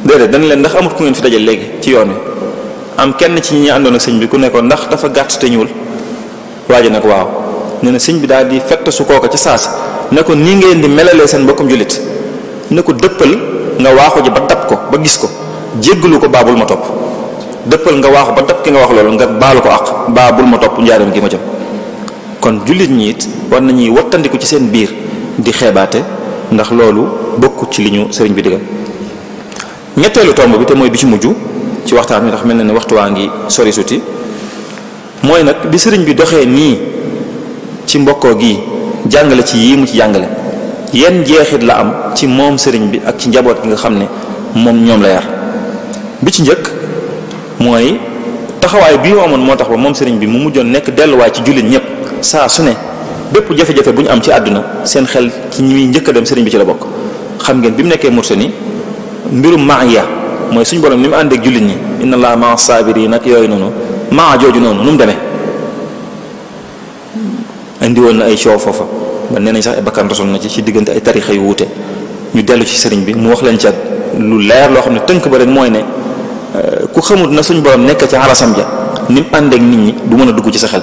déedéet dañ leen ndax amut ku ngeen fi dajal léegi ci yoon wi am kenn ci ñi àndoon ak sëñ bi ku nekkoon ndax dafa gàtt te ñuul waa ji nag waaw nee na sëñ bi daal di fett su kooka ci saas ne ko nii ngeen di melalee seen mbokkum jullit ne ko dëppal nga waaxu ji ba dab ko ba gis ko jéggalu ko baabul ma topp dëppal nga waaxu ba dab ki nga wax loolu nga baalu ko àq baa bul ma topp njaaram gi ma jëm kon jullit ñi war nañuy wattandiku ci seen biir di xeebaate ndax loolu bokk ci li ñu sëriñ bi digal ñetteelu tomb bi te mooy bi ci mujj ci waxtaan wi ndax mel na ne waxtu waa ngi sori suti mooy nag bi sëriñ bi doxee nii ci mbokkoo gi jàngale ci yii mu ci jàngale yenn njeexit la am ci moom sëriñ bi ak ci njaboot gi nga xam ne moom ñoom la yar bi ci njëkk mooy taxawaay bi mu amoon moo tax ba moom sëriñ bi mu mujjoon nekk delluwaay ci jullit ñëpp saa su ne bépp jafe-jafe bu ñu am ci àdduna seen xel ci ñuy njëkk a dem sëriñ bi ci la bokk xam ngeen bi mu nekkee mursani mbirum maaya mooy suñu borom ni mu ànd ak jullit ñi inna allah maa saabiri nag yooyu noonu maa jooju noonu nu mu demee indi woon na ay coow foofa ba nee nañ sax ay bakkan rasul na ci ci diggante ay tarixa yu wuute ñu dellu ci sëriñ bi mu wax leen ci lu leer loo xam ne tënk ba rek mooy ne ku xamut na suñ borom nekk ca arasam ja ni mu ànd ak nit ñi du mën a dugg ci sa xel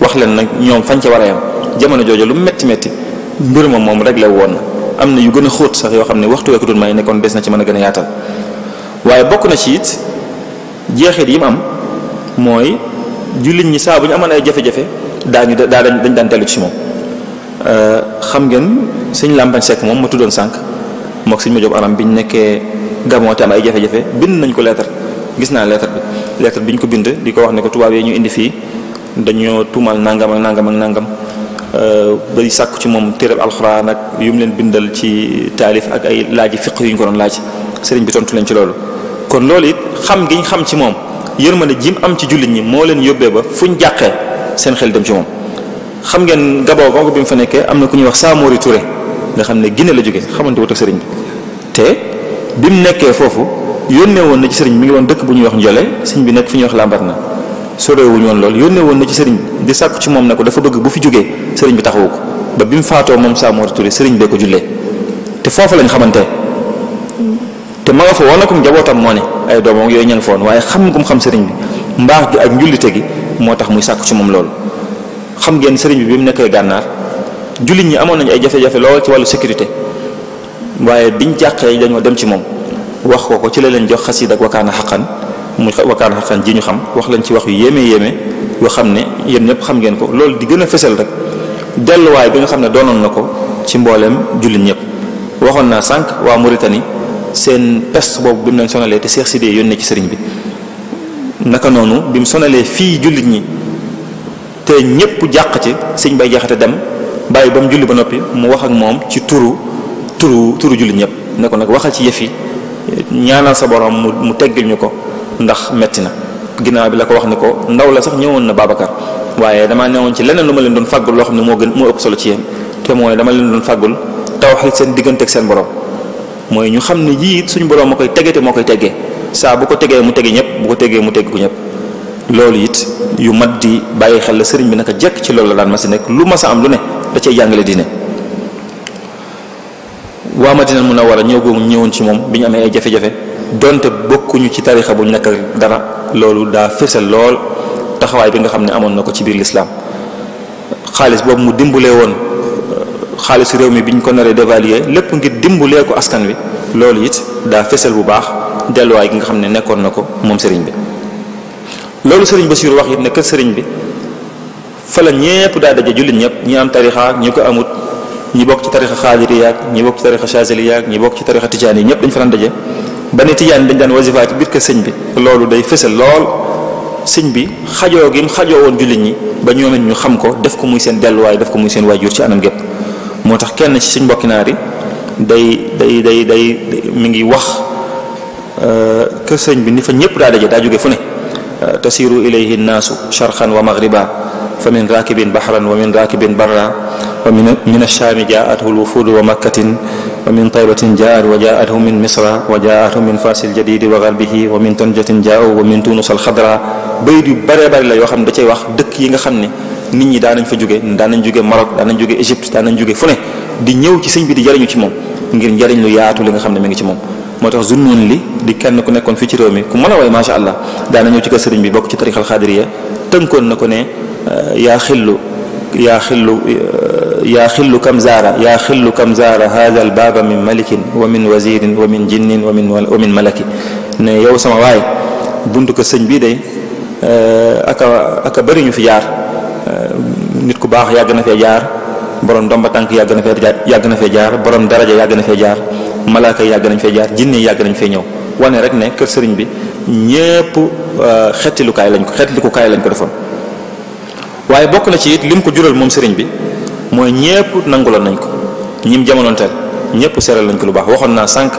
wax leen nag ñoom fañ ca war a yam jamono jooju lu métti metti mbir ma moom rek la woon am na yu gën a xóot sax yoo xam ne waxtu weekutoon may nekkoon des na ci mën a gën a yaatal waaye bokk na ci it jeexit yi mu am mooy jullit ñi saa bu ñu amoon ay jafe-jafe daañu daa dañ daan dellu ci moom euh, xam ngeen sëñ Lambañ Seck moom ma tuddoon sànq mook sëñ ma job aram nekkee. gamoo te am ay jafe-jafe bind nañ ko lettre gis naa lettre bi lettre bi ñu ko bind di ko wax ne ko tubaab yi ñu indi fii dañoo tuumaal nangam ak nangam ak nangam euh, bari ci moom téereb alxuraan ak yu leen bindal ci taalif ak ay laaji fiq yu ñu ko doon laaj sëriñ bi tontu leen ci loolu. kon loolu it xam gi xam ci moom yërmande ji mu am ci jullit ñi moo leen yóbbee ba fu fuñ jàqee seen xel dem ci moom xam ngeen gaboo gongo bi mu fa nekkee am na ku ñuy wax Samori Touré nga xam ne Guinée la jóge xamante wut ak sëriñ bi te bi mu nekkee foofu yónnee woon na ci sëriñ mi ngi woon dëkk bu ñuy wax njole sëriñ bi nekk fi ñuy wax làmbar na soree wuñu woon lool yónnee woon na ci sëriñ bi di ci moom ne ko dafa bëgg bu fi jógee sëriñ bi taxawu ko ba bi mu faatoo moom Samori Touré sëriñ bee ko jullee te foofu lañ xamante te ma nga fa woon na ko moo ne ay doomam yooyu ña nga fa waaye xam xam sëriñ bi mbaax gi ak njullite gi moo tax muy sàkku ci moom loolu xam ngeen sëriñ bi bi mu nekkee gànnaar jullit ñi amoon nañu ay jafe-jafe lool ci wàllu sécurité waaye biñ jàqee dañoo dem ci moom wax koo ko ci la leen jox xasiid ak wakaana xaqan mu wakaana xaqan ji ñu xam wax lañ ci wax yu yéeme yéeme yoo xam ne yéen ñëpp xam ngeen ko loolu di gën a fësal rek delluwaay bi nga xam ne doonoon na ko ci mbooleem jullit ñëpp waxoon naa sànq waa Mauritanie seen peste boobu bi mu leen sonalee te seex si Sidé yónnee ci sëriñ bi naka noonu bi mu sonalee fii jullit ñi te ñëpp jàq ci sëñ bay jaxate dem bàyyi ba mu julli ba noppi mu wax ak moom ci turu turu turu jullit ñëpp ne ko nag waxal ci yëf yi ñaanal sa borom mu mu teggil ñu ko ndax metti na ginnaaw bi la ko wax ne ko ndaw la sax ñëwoon na Babacar waaye damaa newoon ci leneen lu ma leen doon fàggul loo xam ne moo gën moo solo ci yéen te mooy dama leen doon fàggul tawxiid seen diggante seen borom mooy ñu xam ne yii suñu borom moo koy tegee moo koy teggee saa bu ko tegee mu tege ñëpp bu ko tegee mu tegg ko ñëpp loolu it yu mat di bàyyi xel la sëriñ bi naka jekk ci loolu la daan ma si nekk lu ma sa am lu ne da cay jàngale diine waa Madina a ñëw googu ñëwoon ci moom bi ñu amee ay jafe-jafe donte bokkuñu ci tarixa bu ñu nekk dara loolu daa fësal lool taxawaay bi nga xam ne amoon na ko ci biir lislaam xaalis boobu mu dimbalee woon euh, xaalisu réew mi bi ñu ko naree dévaluer lépp ngir dimbalee ko askan wi loolu it daa fësal bu baax delluwaay gi nga xam ne nekkoon na ko moom sëriñ bi. loolu sëriñ Basiiru wax it ne kër sëriñ bi fa la ñépp daa daje jullit ñépp ñi am tarixa ñi bokk ci tarixa xaadiri yaag ñi bokk ci tarixa chazeli yaag bokk ci tarixa tijaan yi ñëpp dañ fa daan daje ba ne tijaan dañ daan wasifa ci biir kër sëñ bi loolu day fësal lool sëñ bi xajoo gi mu xajoo woon jullit ñi ba ñoom ñu xam ko def ko muy seen delluwaay def ko muy seen waajur ci anam gépp moo tax kenn ci suñ mbokki naar yi day day day day mi ngi wax euh, kër sëñ bi ni fa ñëpp daa daje daa jóge fu ne euh, tasiru ilayhi naasu sharqan wa maghriba fa min raakibin bahran wa min raakibin barra wa min ash-shaami jaa'athul wufuudu wa makkatin wa min taybatin jaa'at wa jaa'athum min misra wa jaa'athum min farsil jadidi wa garbihi wa min tanjatin jaa'u wa min tunus al-xadra yu bare bare la yoo xam ne da cay wax dëkk yi nga xam ne nit ñi daanañ fa jóge daanañ jóge Maroc daanañ jóge Égypte daanañ jóge fu ne di ñëw ci sëñ bi di jariñu ci moom ngir njariñ lu yaatu li nga xam ne mi ngi ci moom moo tax zunnoon li di kenn ku nekkoon fii ci réew mi ku mën a way masha Allah daana ñëw na ko ne yaa yaa xillu yaa xillu kam zaara yaa xillu kam zaara hada al baaba min malikin wa min wazirin wa min jinnin wa min malaki ne yow sama waay buntu ko sëñ bii day eh, aka aka ñu fi jaar eh, nit ku baax yàgg na fee jaar borom domba tànk yàgg na fee yàgg na fee jaar borom daraja yàgg na fee jaar malaaka yàgg nañ fee jaar jinne yàgg nañ fee ñëw wane rek ne kër sëriñ bi ñépp eh, xettilukaay lañ ko xettiliku kaay lañ ko defoon waaye bokk na ci it lim ko jural moom sëriñ bi mooy ñépp nanguloon nañ ko ñim jamonoonteel ñépp seeral nañ ko lu baax waxoon naa sànq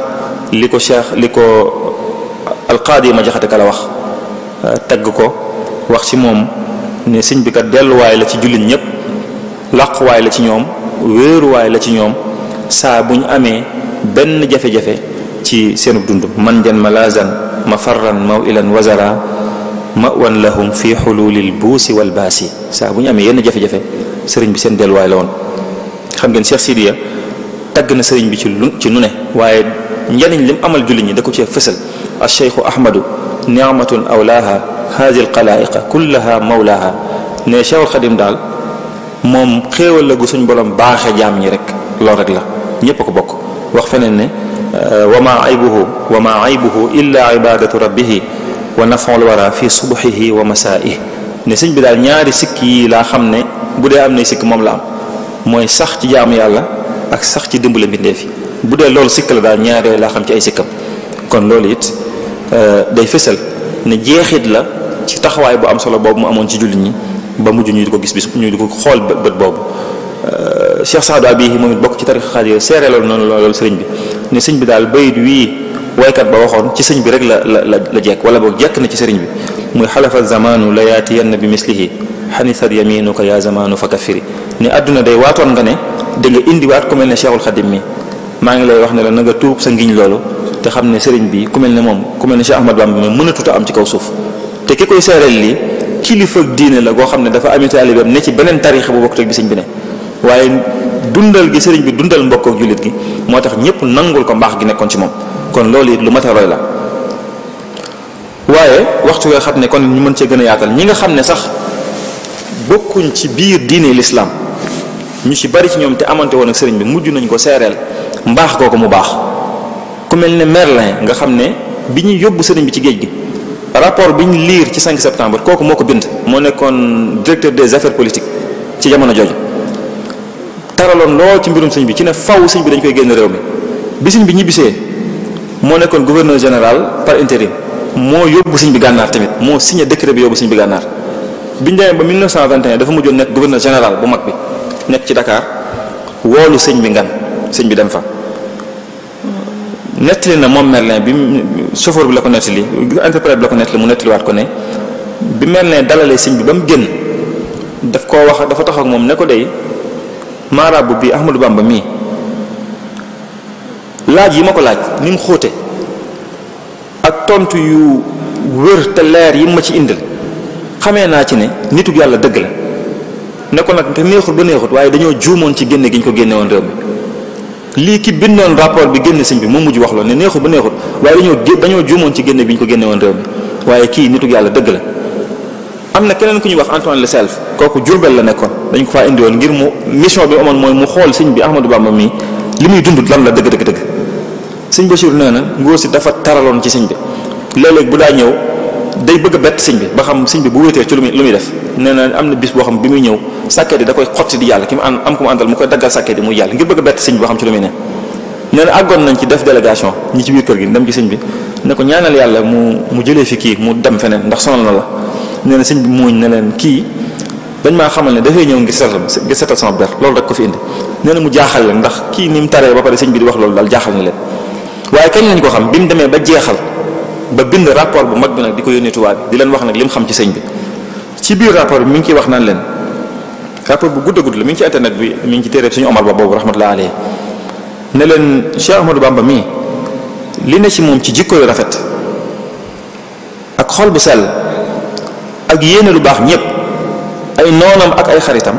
li ko cheikh li ko alqaadi ma jaxate kala wax euh, tagg ko wax ci moom ne sëñ bi kat delluwaay la ci jullit ñépp laquwaay la ci ñoom wéeruwaay la ci ñoom saa bu ñu amee benn jafe-jafe ci seenu dund man jan malazan mafarran mawilan wazara ماوى لهم في حلول البوس والباس سا بو ني امي ين جافي جافي سيرن بي سين دلواي لون خم ген شيخ سيديا تاغنا سيرن بي سي نوني واي نيانن عمل جولي ني داكو سي الشيخ احمد نعمه اولاها هذه القلائق كلها مولاها نشاو شيخ دال مم خيوال لاغو سن بولم باخه جام ني رك لون رك لا نيبكو بوك واخ آه، وما عيبه وما عيبه الا عباده ربه wa nafa'ul wara fi subhihi wa masaa'i ne sëñ bi daal ñaari sikk yi laa xam ne bu dee am nay sikk moom la am mooy sax ci jaamu yàlla ak sax ci dimbale mbindeef yi bu dee lool sikk la daal ñaar laa xam ci ay sikkam kon loolu it euh, day fësal ne jeexit la ci taxawaay bu am solo boobu mu amoon ci julli ñi ba mujj ñu di ko gis bis ñu di ko xool bët boobu euh, Cheikh Saadu bii moom it bokk ci tarix xaadir seere loolu noonu loolu sëriñ bi ne sëñ bi daal bayit waykat ba waxoon ci sëñ bi rek la la la jekk wala boog jekk na ci sëriñ bi muy xalafa zamanu la yaatiyanna bi mislihi xanisat yaminuka ya zamanu fa kafiri ni àdduna day waatoon nga ne da nga indiwaat ku mel ne cheikhul xadim mi maa ngi lay wax ne la na nga tuub sa ngiñ loolu te xam ne sëriñ bi ku mel ne moom ku mel ne Cheikh Ahmad Bamba moom mën a tuta am ci kaw suuf te ki koy seereel li kilifa diine la goo xam ne dafa amee taalibeem ne ci beneen tariix bu bokk teg bi bi ne waaye dundal gi sëriñ bi dundal mbokk ak jullit moo tax ñëpp nangul ko mbaax gi nekkoon ci moom kon loolu it lu mat a roy la waaye waxtu wee xam ne kon ñu mën cee gën a yaatal ñi nga xam ne sax bokkuñ ci biir diine lislaam ñu ci bari ci ñoom te amante woon ak sëriñ bi mujj nañ ko seereel mbaax kooku mu baax ku mel ne Merlin nga xam ne bi ñuy yóbbu sëriñ bi ci géej gi rapport bi ñu liir ci 5 septembre kooku moo ko bind moo nekkoon directeur de affaires politique ci jamono jooju taraloon lool ci mbirum sëñ bi ci ne faw sëñ bi dañ koy génn réew mi bi ñibbisee moo nekkoon gouverneur général par intérim moo yóbbu sëñ bi gànnaar tamit moo signé décret bi yóbbu sëñ bi gànnaar biñ demee ba 1921 dafa mujjoon nekk gouverneur général bu mag bi nekk ci Dakar woolu sëñ bi nga sëñ bi dem fa. nettali na moom Merlin bi chauffeur bi la ko nettali interprète bi la ko nettali mu nettaliwaat ko ne bi mel Merlin dalale sëñ bi ba mu génn daf koo wax dafa tax ak moom ne ko dey maaraabu bi Ahmadou Bamba mii. laaj yi ma ko laaj ni mu xóote ak tontu yu wër te leer yi ma ci indil xamee naa ci ne nitug yàlla dëgg la ne ko nag te neexut ba neexut waaye dañoo juumoon ci génne gi ñu ko génne woon réew mi lii ki bindoon rapport bi génne sëñ bi moo mujj wax loolu ne neexut ba neexut waaye dañoo dañoo juumoon ci génne bi ko génne woon réew mi waaye kii nitug yàlla dëgg la am na keneen ku ñu wax Antoine Le Self kooku Jurbel la nekkoon dañ ko faa indi woon ngir mu mission bi amoon mooy mu xool siñ bi Ahmadou Bamba mii li muy dund lan la dëgg dëgg dëgg sëñ Bachir nee na ngóor si dafa taraloon ci sëñ bi léeg-léeg bu daa ñëw day bëgg a bett sëñ bi ba xam sëñ bi bu wéetee ci lu muy lu muy def nee am na bis boo xam bi muy ñëw sàkket yi da koy xotti di yàlla ki mu ànd am ku mu àndal mu koy daggal sàkket yi muy yàlla ngir bëgg a bett sëñ bi boo xam ci lu muy ne àggoon nañ ci def délégation ñi ci biir kër gi dem ci sëñ bi ne ko ñaanal yàlla mu mu jëlee fi kii mu dem feneen ndax sonal na la nee na sëñ bi mooñ ne kii dañ maa xamal ne dafay ñëw ngir setal ngir setal loolu rek fi indi nee na leen ndax kii ni taree ba pare sëñ wax loolu daal jaaxal leen waye kañ lañ ko xam bimu démé ba jéxal ba bind rapport bu mag bi nak diko ko yónnee tubaab di len wax nak lim xam ci sëñ bi ci biir rapport mi ngi wax nan len rapport bu gudd a gudd la mi ngi ci internet bi mi ngi téré señ Omar bobu boobu rahmatullah alayhi ne len Cheikh Ahmadou Bamba mi li ne ci mom ci jikko yu rafet ak xol bu sel ak yene lu bax ñep ay nonam ak ay xaritam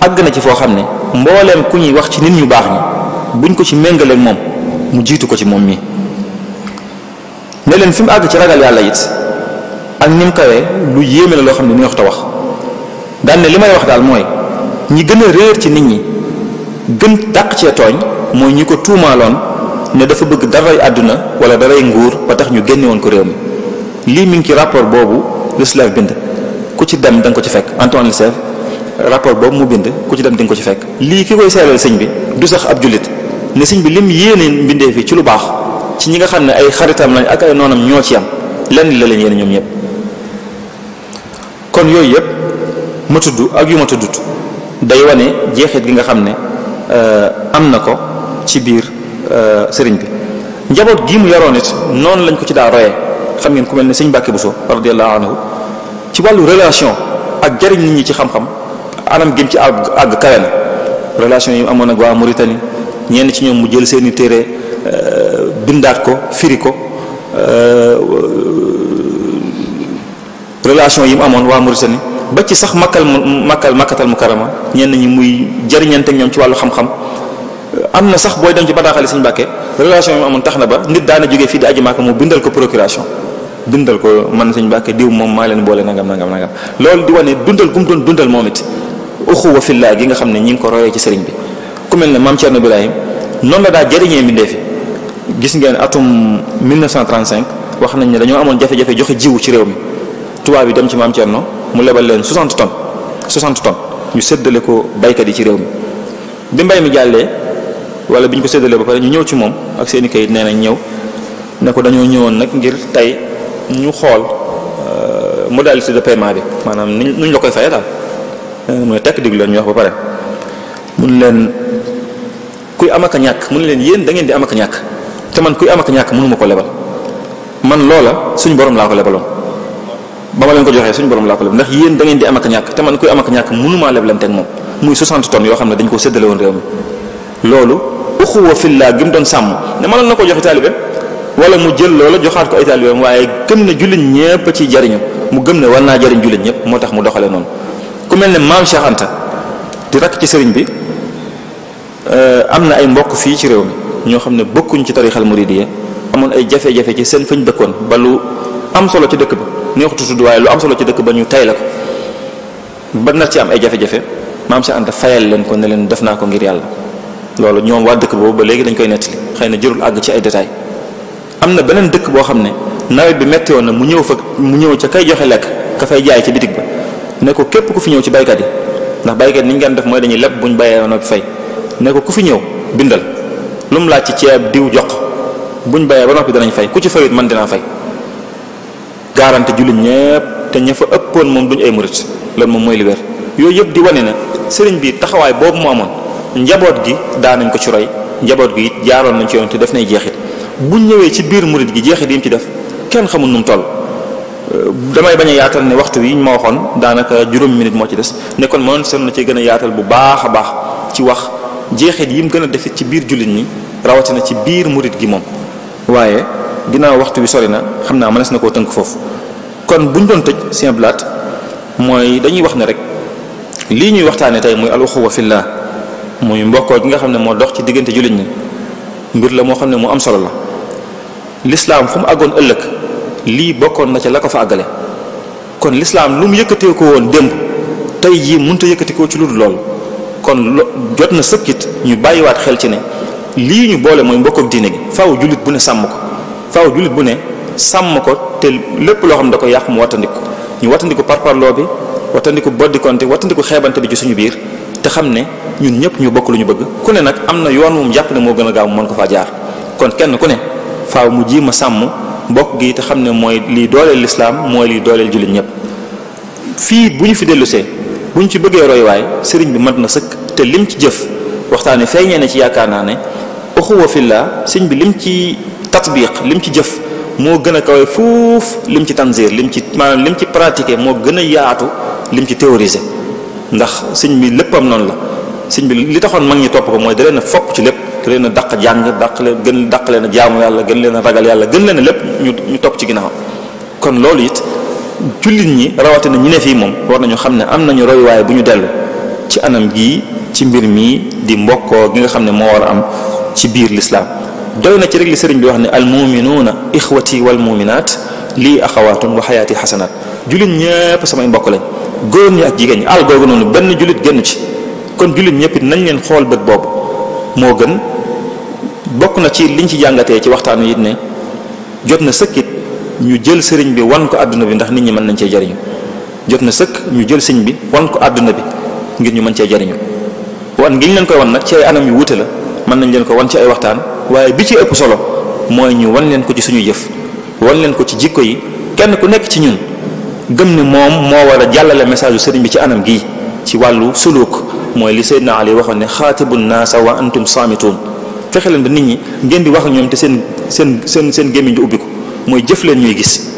ag na ci fo xamne ne mbooleem ku ñuy wax ci nit ñu bax ñi buñ ko ci mengal ak mom mu jiitu ko ci moom mi ne leen fi mu àgg ci ragal yàlla it ak ni mu kawee lu yéeme la loo xam ne neexut a wax daan ne li may wax daal mooy ñi gën a réer ci nit ñi gën dàq cee tooñ mooy ñi ko tuumaaloon ne dafa bëgg daray àdduna wala daray nguur ba tax ñu génne woon ko réew mi lii mi ci rapport boobu L'Islam bind ku ci dem da ko ci fekk Antoine Lefebvre rapport boobu mu bind ku ci dem di ko ci fekk lii ki koy seelal sëñ bi du sax ab jullit ne sëñ bi lim yéene mbindee fi ci lu baax ci ñi nga xam ne ay xaritam lañ ak ay noonam ñoo ci am lenn la leen yéene ñoom ñëpp kon yooyu yëpp ma tudd ak yu ma tuddut day wane jeexit gi nga xam ne euh, am na ko ci biir euh, sëriñ bi njaboot gii mu yaroon it noonu lañ ko ci daal royee xam ngeen ku mel ne sëñ Mbàkke Buso radiyallahu anhu ci wàllu relation ak jariñ nit ñi ci xam-xam anam gém ci àgg àgg na relation yi amoon ak waa Mauritanie ñenn ci ñoom mu jël seeni téere euh, bindaat ko firi ko euh, relation yi mu amoon waa Mauritanie ba ci sax makkal makkal makkatal mu karama ñenn ñi muy jariñante ñoom ci wàllu xam-xam euh, am na sax booy dem ci bataaxali Sëñ Mbàkke relation yi mu amoon tax na ba nit daana jógee fii di aji Màkka mu bindal ko procuration bindal ko man Sëñ Mbàkke diw moom maa leen boole nangam nangam nangam loolu di wane dundal gu mu doon dundal moom it uxuwa fillah gi nga xam ne ñi ngi ko royee ci sëriñ bi ku mel ne maam Thierno Birahim noonu la daa jëriñee mbindee fi gis ngeen atum 1935 wax nañ ne dañoo amoon jafe-jafe joxe jiwu ci réew mi tubaab bi dem ci maam Thierno mu lebal leen 60 tonnes 60 tonnes ñu séddale ko baykat yi ci réew mi bi mbay mi jàllee wala bi ñu ko séddalee ba pare ñu ñëw ci moom ak seeni i kayit nee nañ ñëw ne ko dañoo ñëwoon nag ngir tey ñu xool euh, modalité de paiement bi maanaam nuñ la koy fayee daal euh, mu ne tekk diglu leen ñu wax ba pare. mun leen kuy am ak a ñàkk mun leen yéen da ngeen di am ñàkk te man kuy am ak a ñàkk mënuma ko lebal man loola suñu borom laa ko lebaloon leen ko joxee suñu borom laa ko lebal yéen da di am ñàkk te man kuy am a ñàkk mënumaa leblante ak moom muy 60 yoo xam ne dañ ko séddale woon réew mi loolu uxuwa fillah gi mu sàmm ne mënoon na ko joxe taalibe wala mu jël loola joxaat ko ay taalibeem waaye gëm ne jullit ñëpp ci jariñu mu gën ne war naa jariñ jullit ñëpp moo tax mu doxale noonu ku mel ne maam Cheikh di rakk ci sëriñ bi Euh, am na ay mbokk fii ci réew mi ñoo xam ne bokkuñ ci tarixal muridiyya amoon ay jafe-jafe ci seen fañ dëkkoon ba lu am solo ci dëkk ba neexutu tudd waaye lu am solo ci dëkk ba ñu tay la ko ba nar ci am ay jafe-jafe maam si fayal leen ko ne leen def naa ko ngir yàlla loolu ñoom waa dëkk boobu ba léegi dañ koy nettali xëy na jërul àgg ci ay détails am na beneen dëkk boo xam ne nawet bi metti woon na mu ñëw fa mu ñëw ca kay joxe lekk ka fay jaay ci bitig ba ne képp ku fi ñëw ci baykat yi ndax baykat yi ni ñu daan def mooy dañuy leb buñ bayee woon fay ne ko ku fi ñëw bindal lu mu ci ceeb diw jox buñ bayee ba noppi danañ fay ku ci fayut man dinaa fay garanti jullit ñépp te fa ëppoon moom duñ ay murit loolu moom mooy li yooyu yëpp di wane ne sëriñ bi taxawaay boobu mu amoon njaboot gi daan nañ ko ci roy njaboot gi jaaroon nañ ci yoon def nay jeexit buñ ñëwee ci biir murit gi jeexit yi ci def kenn xamul nu mu toll. Euh, damay ne waxtu yi ñu ma waxoon daanaka juróomi moo ci des ne kon mënoon seen na ci gën a yaatal bu baax a baax ci wax jeexit yim gëna def ci biir julit ñi rawati na ci biir mourid gi mom waye ginnaaw waxtu bi sori na xamna manes mënees na koo tënk foofu kon buñ doon tëj Sëñ Abdou Lahad dañuy wax ne rek li ñuy waxtane tay moy muy aluxuwa fillah moy mbokkoo gi nga xamne mo dox ci digënté julit ñi mbir la mo xamne mo am solo la l'islam fu mu àggoon ëlëk li bokkoon na ci la ko fa agalé kon l'islam lu mu yëkëté yëkkateekoo woon démb tey jii mënta yëkkatikoo ci lu dul loolu kon jot na sëkkit ñu bàyyiwaat xel ci ne lii ñu boole mooy mbokk ak diine gi faaw jullit bu ne sàmm ko faw jullit bu ne sàmm ko te lépp loo xam ne da ko yàq mu wattandiku ñu wattandiku parparloo bi wattandiku boddikonte wattandiku xeebante bi ci suñu biir te xam ne ñun ñëpp ñu bokk lu ñu bëgg ku ne nag am na yoon moom jàpp ne moo gën a gaaw mu ko faa jaar kon kenn ku ne faw mu jii ma sàmm mbokk gi te xam ne mooy lii dooleel lislaam mooy lii dooleel jullit bu ñu fi dellusee buñ ci bëggee roy waay sëriñ bi mat na sëkk te lim ci jëf waxtaane feeñee na ci yaakaar naa ne uxuwa fillah sëñ bi lim ci tatbiq lim ci jëf moo gën a kawe fuuf lim ci tanzir lim ci maanaam lim ci pratiquer moo gën a yaatu lim ci théoriser ndax sëñ bi léppam noonu la sëñ bi li taxoon mag ñi topp ko mooy da na a ci lépp da leen a dàq jàng dàq leen gën daq leen a jaamu yàlla gën leen a ragal yàlla gën leen a lépp ñu ñu topp ci ginnaaw kon loolu it jullit ñi rawatina ñi ne fii moom war nañu xam ne am nañu royuwaay bu ñu dellu ci anam gii ci mbir mii di mbokkoo gi nga xam ne moo war a am ci biir lislaam doy na ci rek li sëriñ bi wax ne al muminuuna ixwati wal muminaat lii axawaatun wa xayaati xasanaat jullit ñépp samay mbokk lañ góor ñi ak jigéen ñi àll googu noonu benn jullit génn ci kon jullit ñépp nañ leen xool bët boobu moo gën bokk na ci liñ ci jàngatee ci waxtaan wi it ne jot na sëkkit ñu jël sëriñ bi wan ko àdduna bi ndax nit ñi mën nañ cee jariñu jot na sëkk ñu jël sëñ bi wan ko àdduna bi ngir ñu mën cee jariñu wan ngi ñu leen koy wan nag ci ay anam yu wuute la mën nañ leen ko wan ci ay waxtaan waaye bi ci ëpp solo mooy ñu wan leen ko ci suñu jëf wan leen ko ci jikko yi kenn ku nekk ci ñun gëm ne moom moo war a jàllale message sëriñ bi ci anam gii ci wàllu suluk mooy li Seydina Ali waxoon ne xaatibu naasa wa antum saamituun fexe leen ba nit ñi ngeen di wax ñoom te seen seen seen seen gémmiñ di mooy jëf leen ñuy gis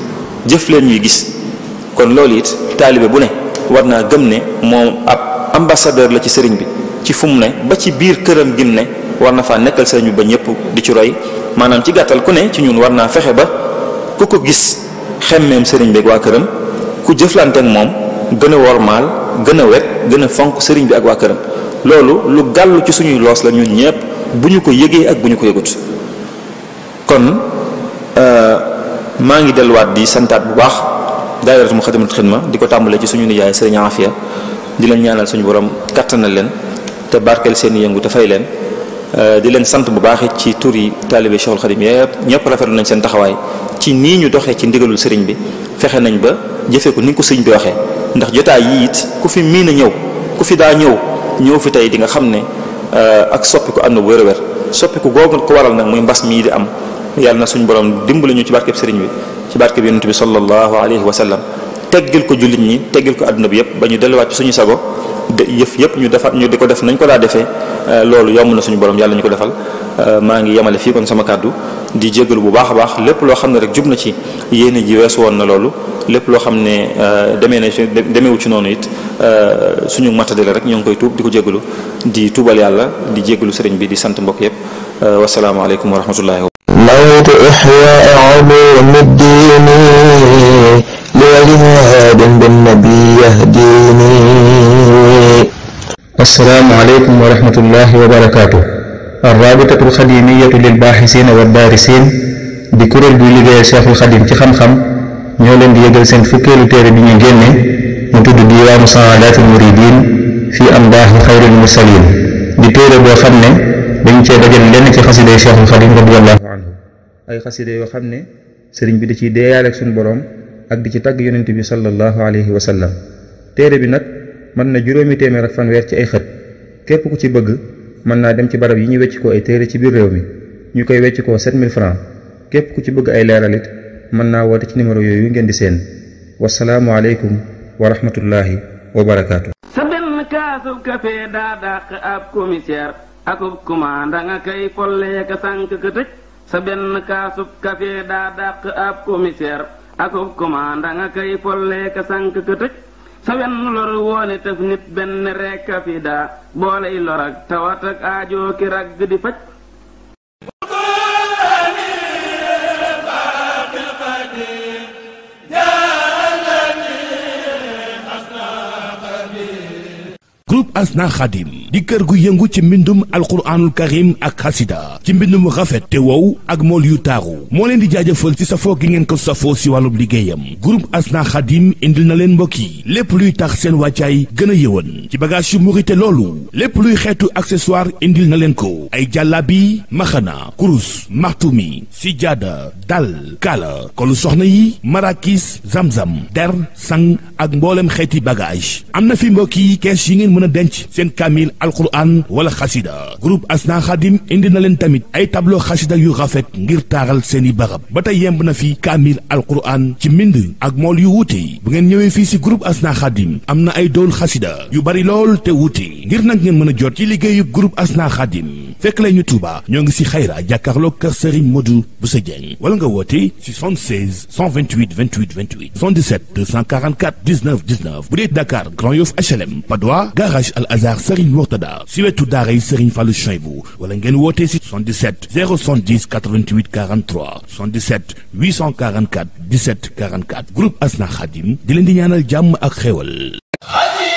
jëf leen ñuy gis kon loolu it taalibe bu ne war naa gëm ne moom ab ambassadeur la ci sëriñ bi ci fu ne ba ci biir këram gin ne war na faa nekkal sëriñ bi ba ñëpp di ci roy maanaam ci gàttal ku ne ci ñun war naa fexe ba ku ko gis xemmeem sëriñ bi ak waa këram ku jëflante ak moom gën a wormaal gën a wet gën a fonk sëriñ bi ak waa këram loolu lu gàllu ci suñuy loos la ñun ñëpp bu ñu ko yëgee ak bu ñu ko yëgut maa ngi delluwaat di santaat bu baax daayiratu Muxaddamatul Xidma di ko tàmbalee ci suñu nijaay sëriñ Afia di leen ñaanal suñu borom na leen te barkeel seen yëngu te fay leen euh, di leen sant bu baax ci tur yi taalibe Cheikhul Xadim yëpp ñëpp rafetlu nañ seen taxawaay ci nii ñu doxee ci ndigalul sëriñ bi fexe nañ ba jëfee ko ni ko sëriñ bi waxee ndax jotaay yi it ku fi miin a ñëw ku fi daa ñëw ñëw fi tey di nga xam ne euh, ak soppiku am na wér-wér soppiku ko waral nag muy mbas mii di am yàlla na suñu borom dimbali ñu ci barkeb sëriñ bi ci barkeb yonent bi sallallahu alayhi wa sallam teggil ko jullit ñi teggil ko adduna bi yëpp ba ñu delluwaat ci suñu sago de yëpp ñu defa ñu di ko def nañ ko daa defee euh, loolu yomb na suñu borom yàlla ñu ko defal euh, maa ngi yemale fii kon sama kàddu di jégalu bu baax a baax lépp loo xam ne rek jub na ci yéene ji weesu woon na loolu lépp loo xam ne euh, demee na ci demeewu ci noonu it suñu matadale rek ñoo ngi koy tuub di ko jégalu di tuubal yàlla di jégalu sëriñ bi di sant mbokk yëpp wasalaamaaleykum wa rahmatullahi دعوت إحياء علوم الدين لوجهاد بالنبي يهديني السلام عليكم ورحمة الله وبركاته الرابطة الخديمية للباحثين والدارسين بكرة بلغة الشيخ الخديم في خم خم ñoo leen di yëgal seen fukkeelu téere bi ñu génne mu tudd diwaanu saadaati muridin fii am daaxi xayril mursalin di téere boo xam ne dañ cee dajal lenn ci xasida Cheikhul Xadim radiyallahu ay xasida yoo xam ne sëriñ bi da ciy deeyaale ak suñu borom ak di ci tagg yonent bi sallallahu alayhi wa sallam téere bi nag mën na juróomi téeméer ak fanweer ci ay xët képp ku ci bëgg mën naa dem ci barab yi ñu wecc ko ay téere ci biir réew mi ñu koy wecc ko 7000 francs képp ku ci bëgg ay leeralit mën naa woote ci numéro yooyu ngeen di seen wasalaamu alaykum wa rahmatullahi wa barakaatu sa benn kafe daa dàq ab commissaire akub commandant nga kay follee ka sànk ka tëj sa benn kaasub kafe daa dàq ab commissaire akub commandant nga kay follee ka sànq ka sa wenn lor woone tëf nit benn rekk kafe daa booley lor ak aajoo ki ragg di faj asna khadim di kër gu yëngu ci mbindum alquranul karim ak xasida ci mbindum rafet te wow ak mol yu taru mo leen di jaajëfal ci safoo gi ngeen ko safoo ci walu groupe asna khadim indil na leen mbokki lepp luy tax seen wàccaay gëna yewon ci bagage yu murite lolu lepp luy xeetu accessoire indil na leen ko ay jallabi makhana kurus martumi sijada dal dal ko lu soxna yi marakis zamzam der sang ak mbollem xeeti bagage amna boki fi mbokki kess yi ngeen mëna denc sen kamil alquran wala khasida group asna khadim indi na len tamit ay tableau khasida yu rafet ngir taral seni barab batay yemb na fi kamil alquran ci mind ak mol yu wuti bu ngeen ñewé fi ci group asna khadim amna ay dool khasida yu bari lol te wuti ngir nak ngeen mëna jot ci liggéeyub group asna khadim fek lay ñu tuuba ñoo ngi ci xayra jakarlo kër serigne modou bu se jeng wala nga woti ci 76 128 28 28 77 244 19 19 bu dee dakar grand yof hlm padwa garage al azhar Serigne Mourtada si wetu daara yi Serigne Fallou Chaybou wala 77 070 88 43 77 844 17 44 groupe Asna Khadim di Jam di ñaanal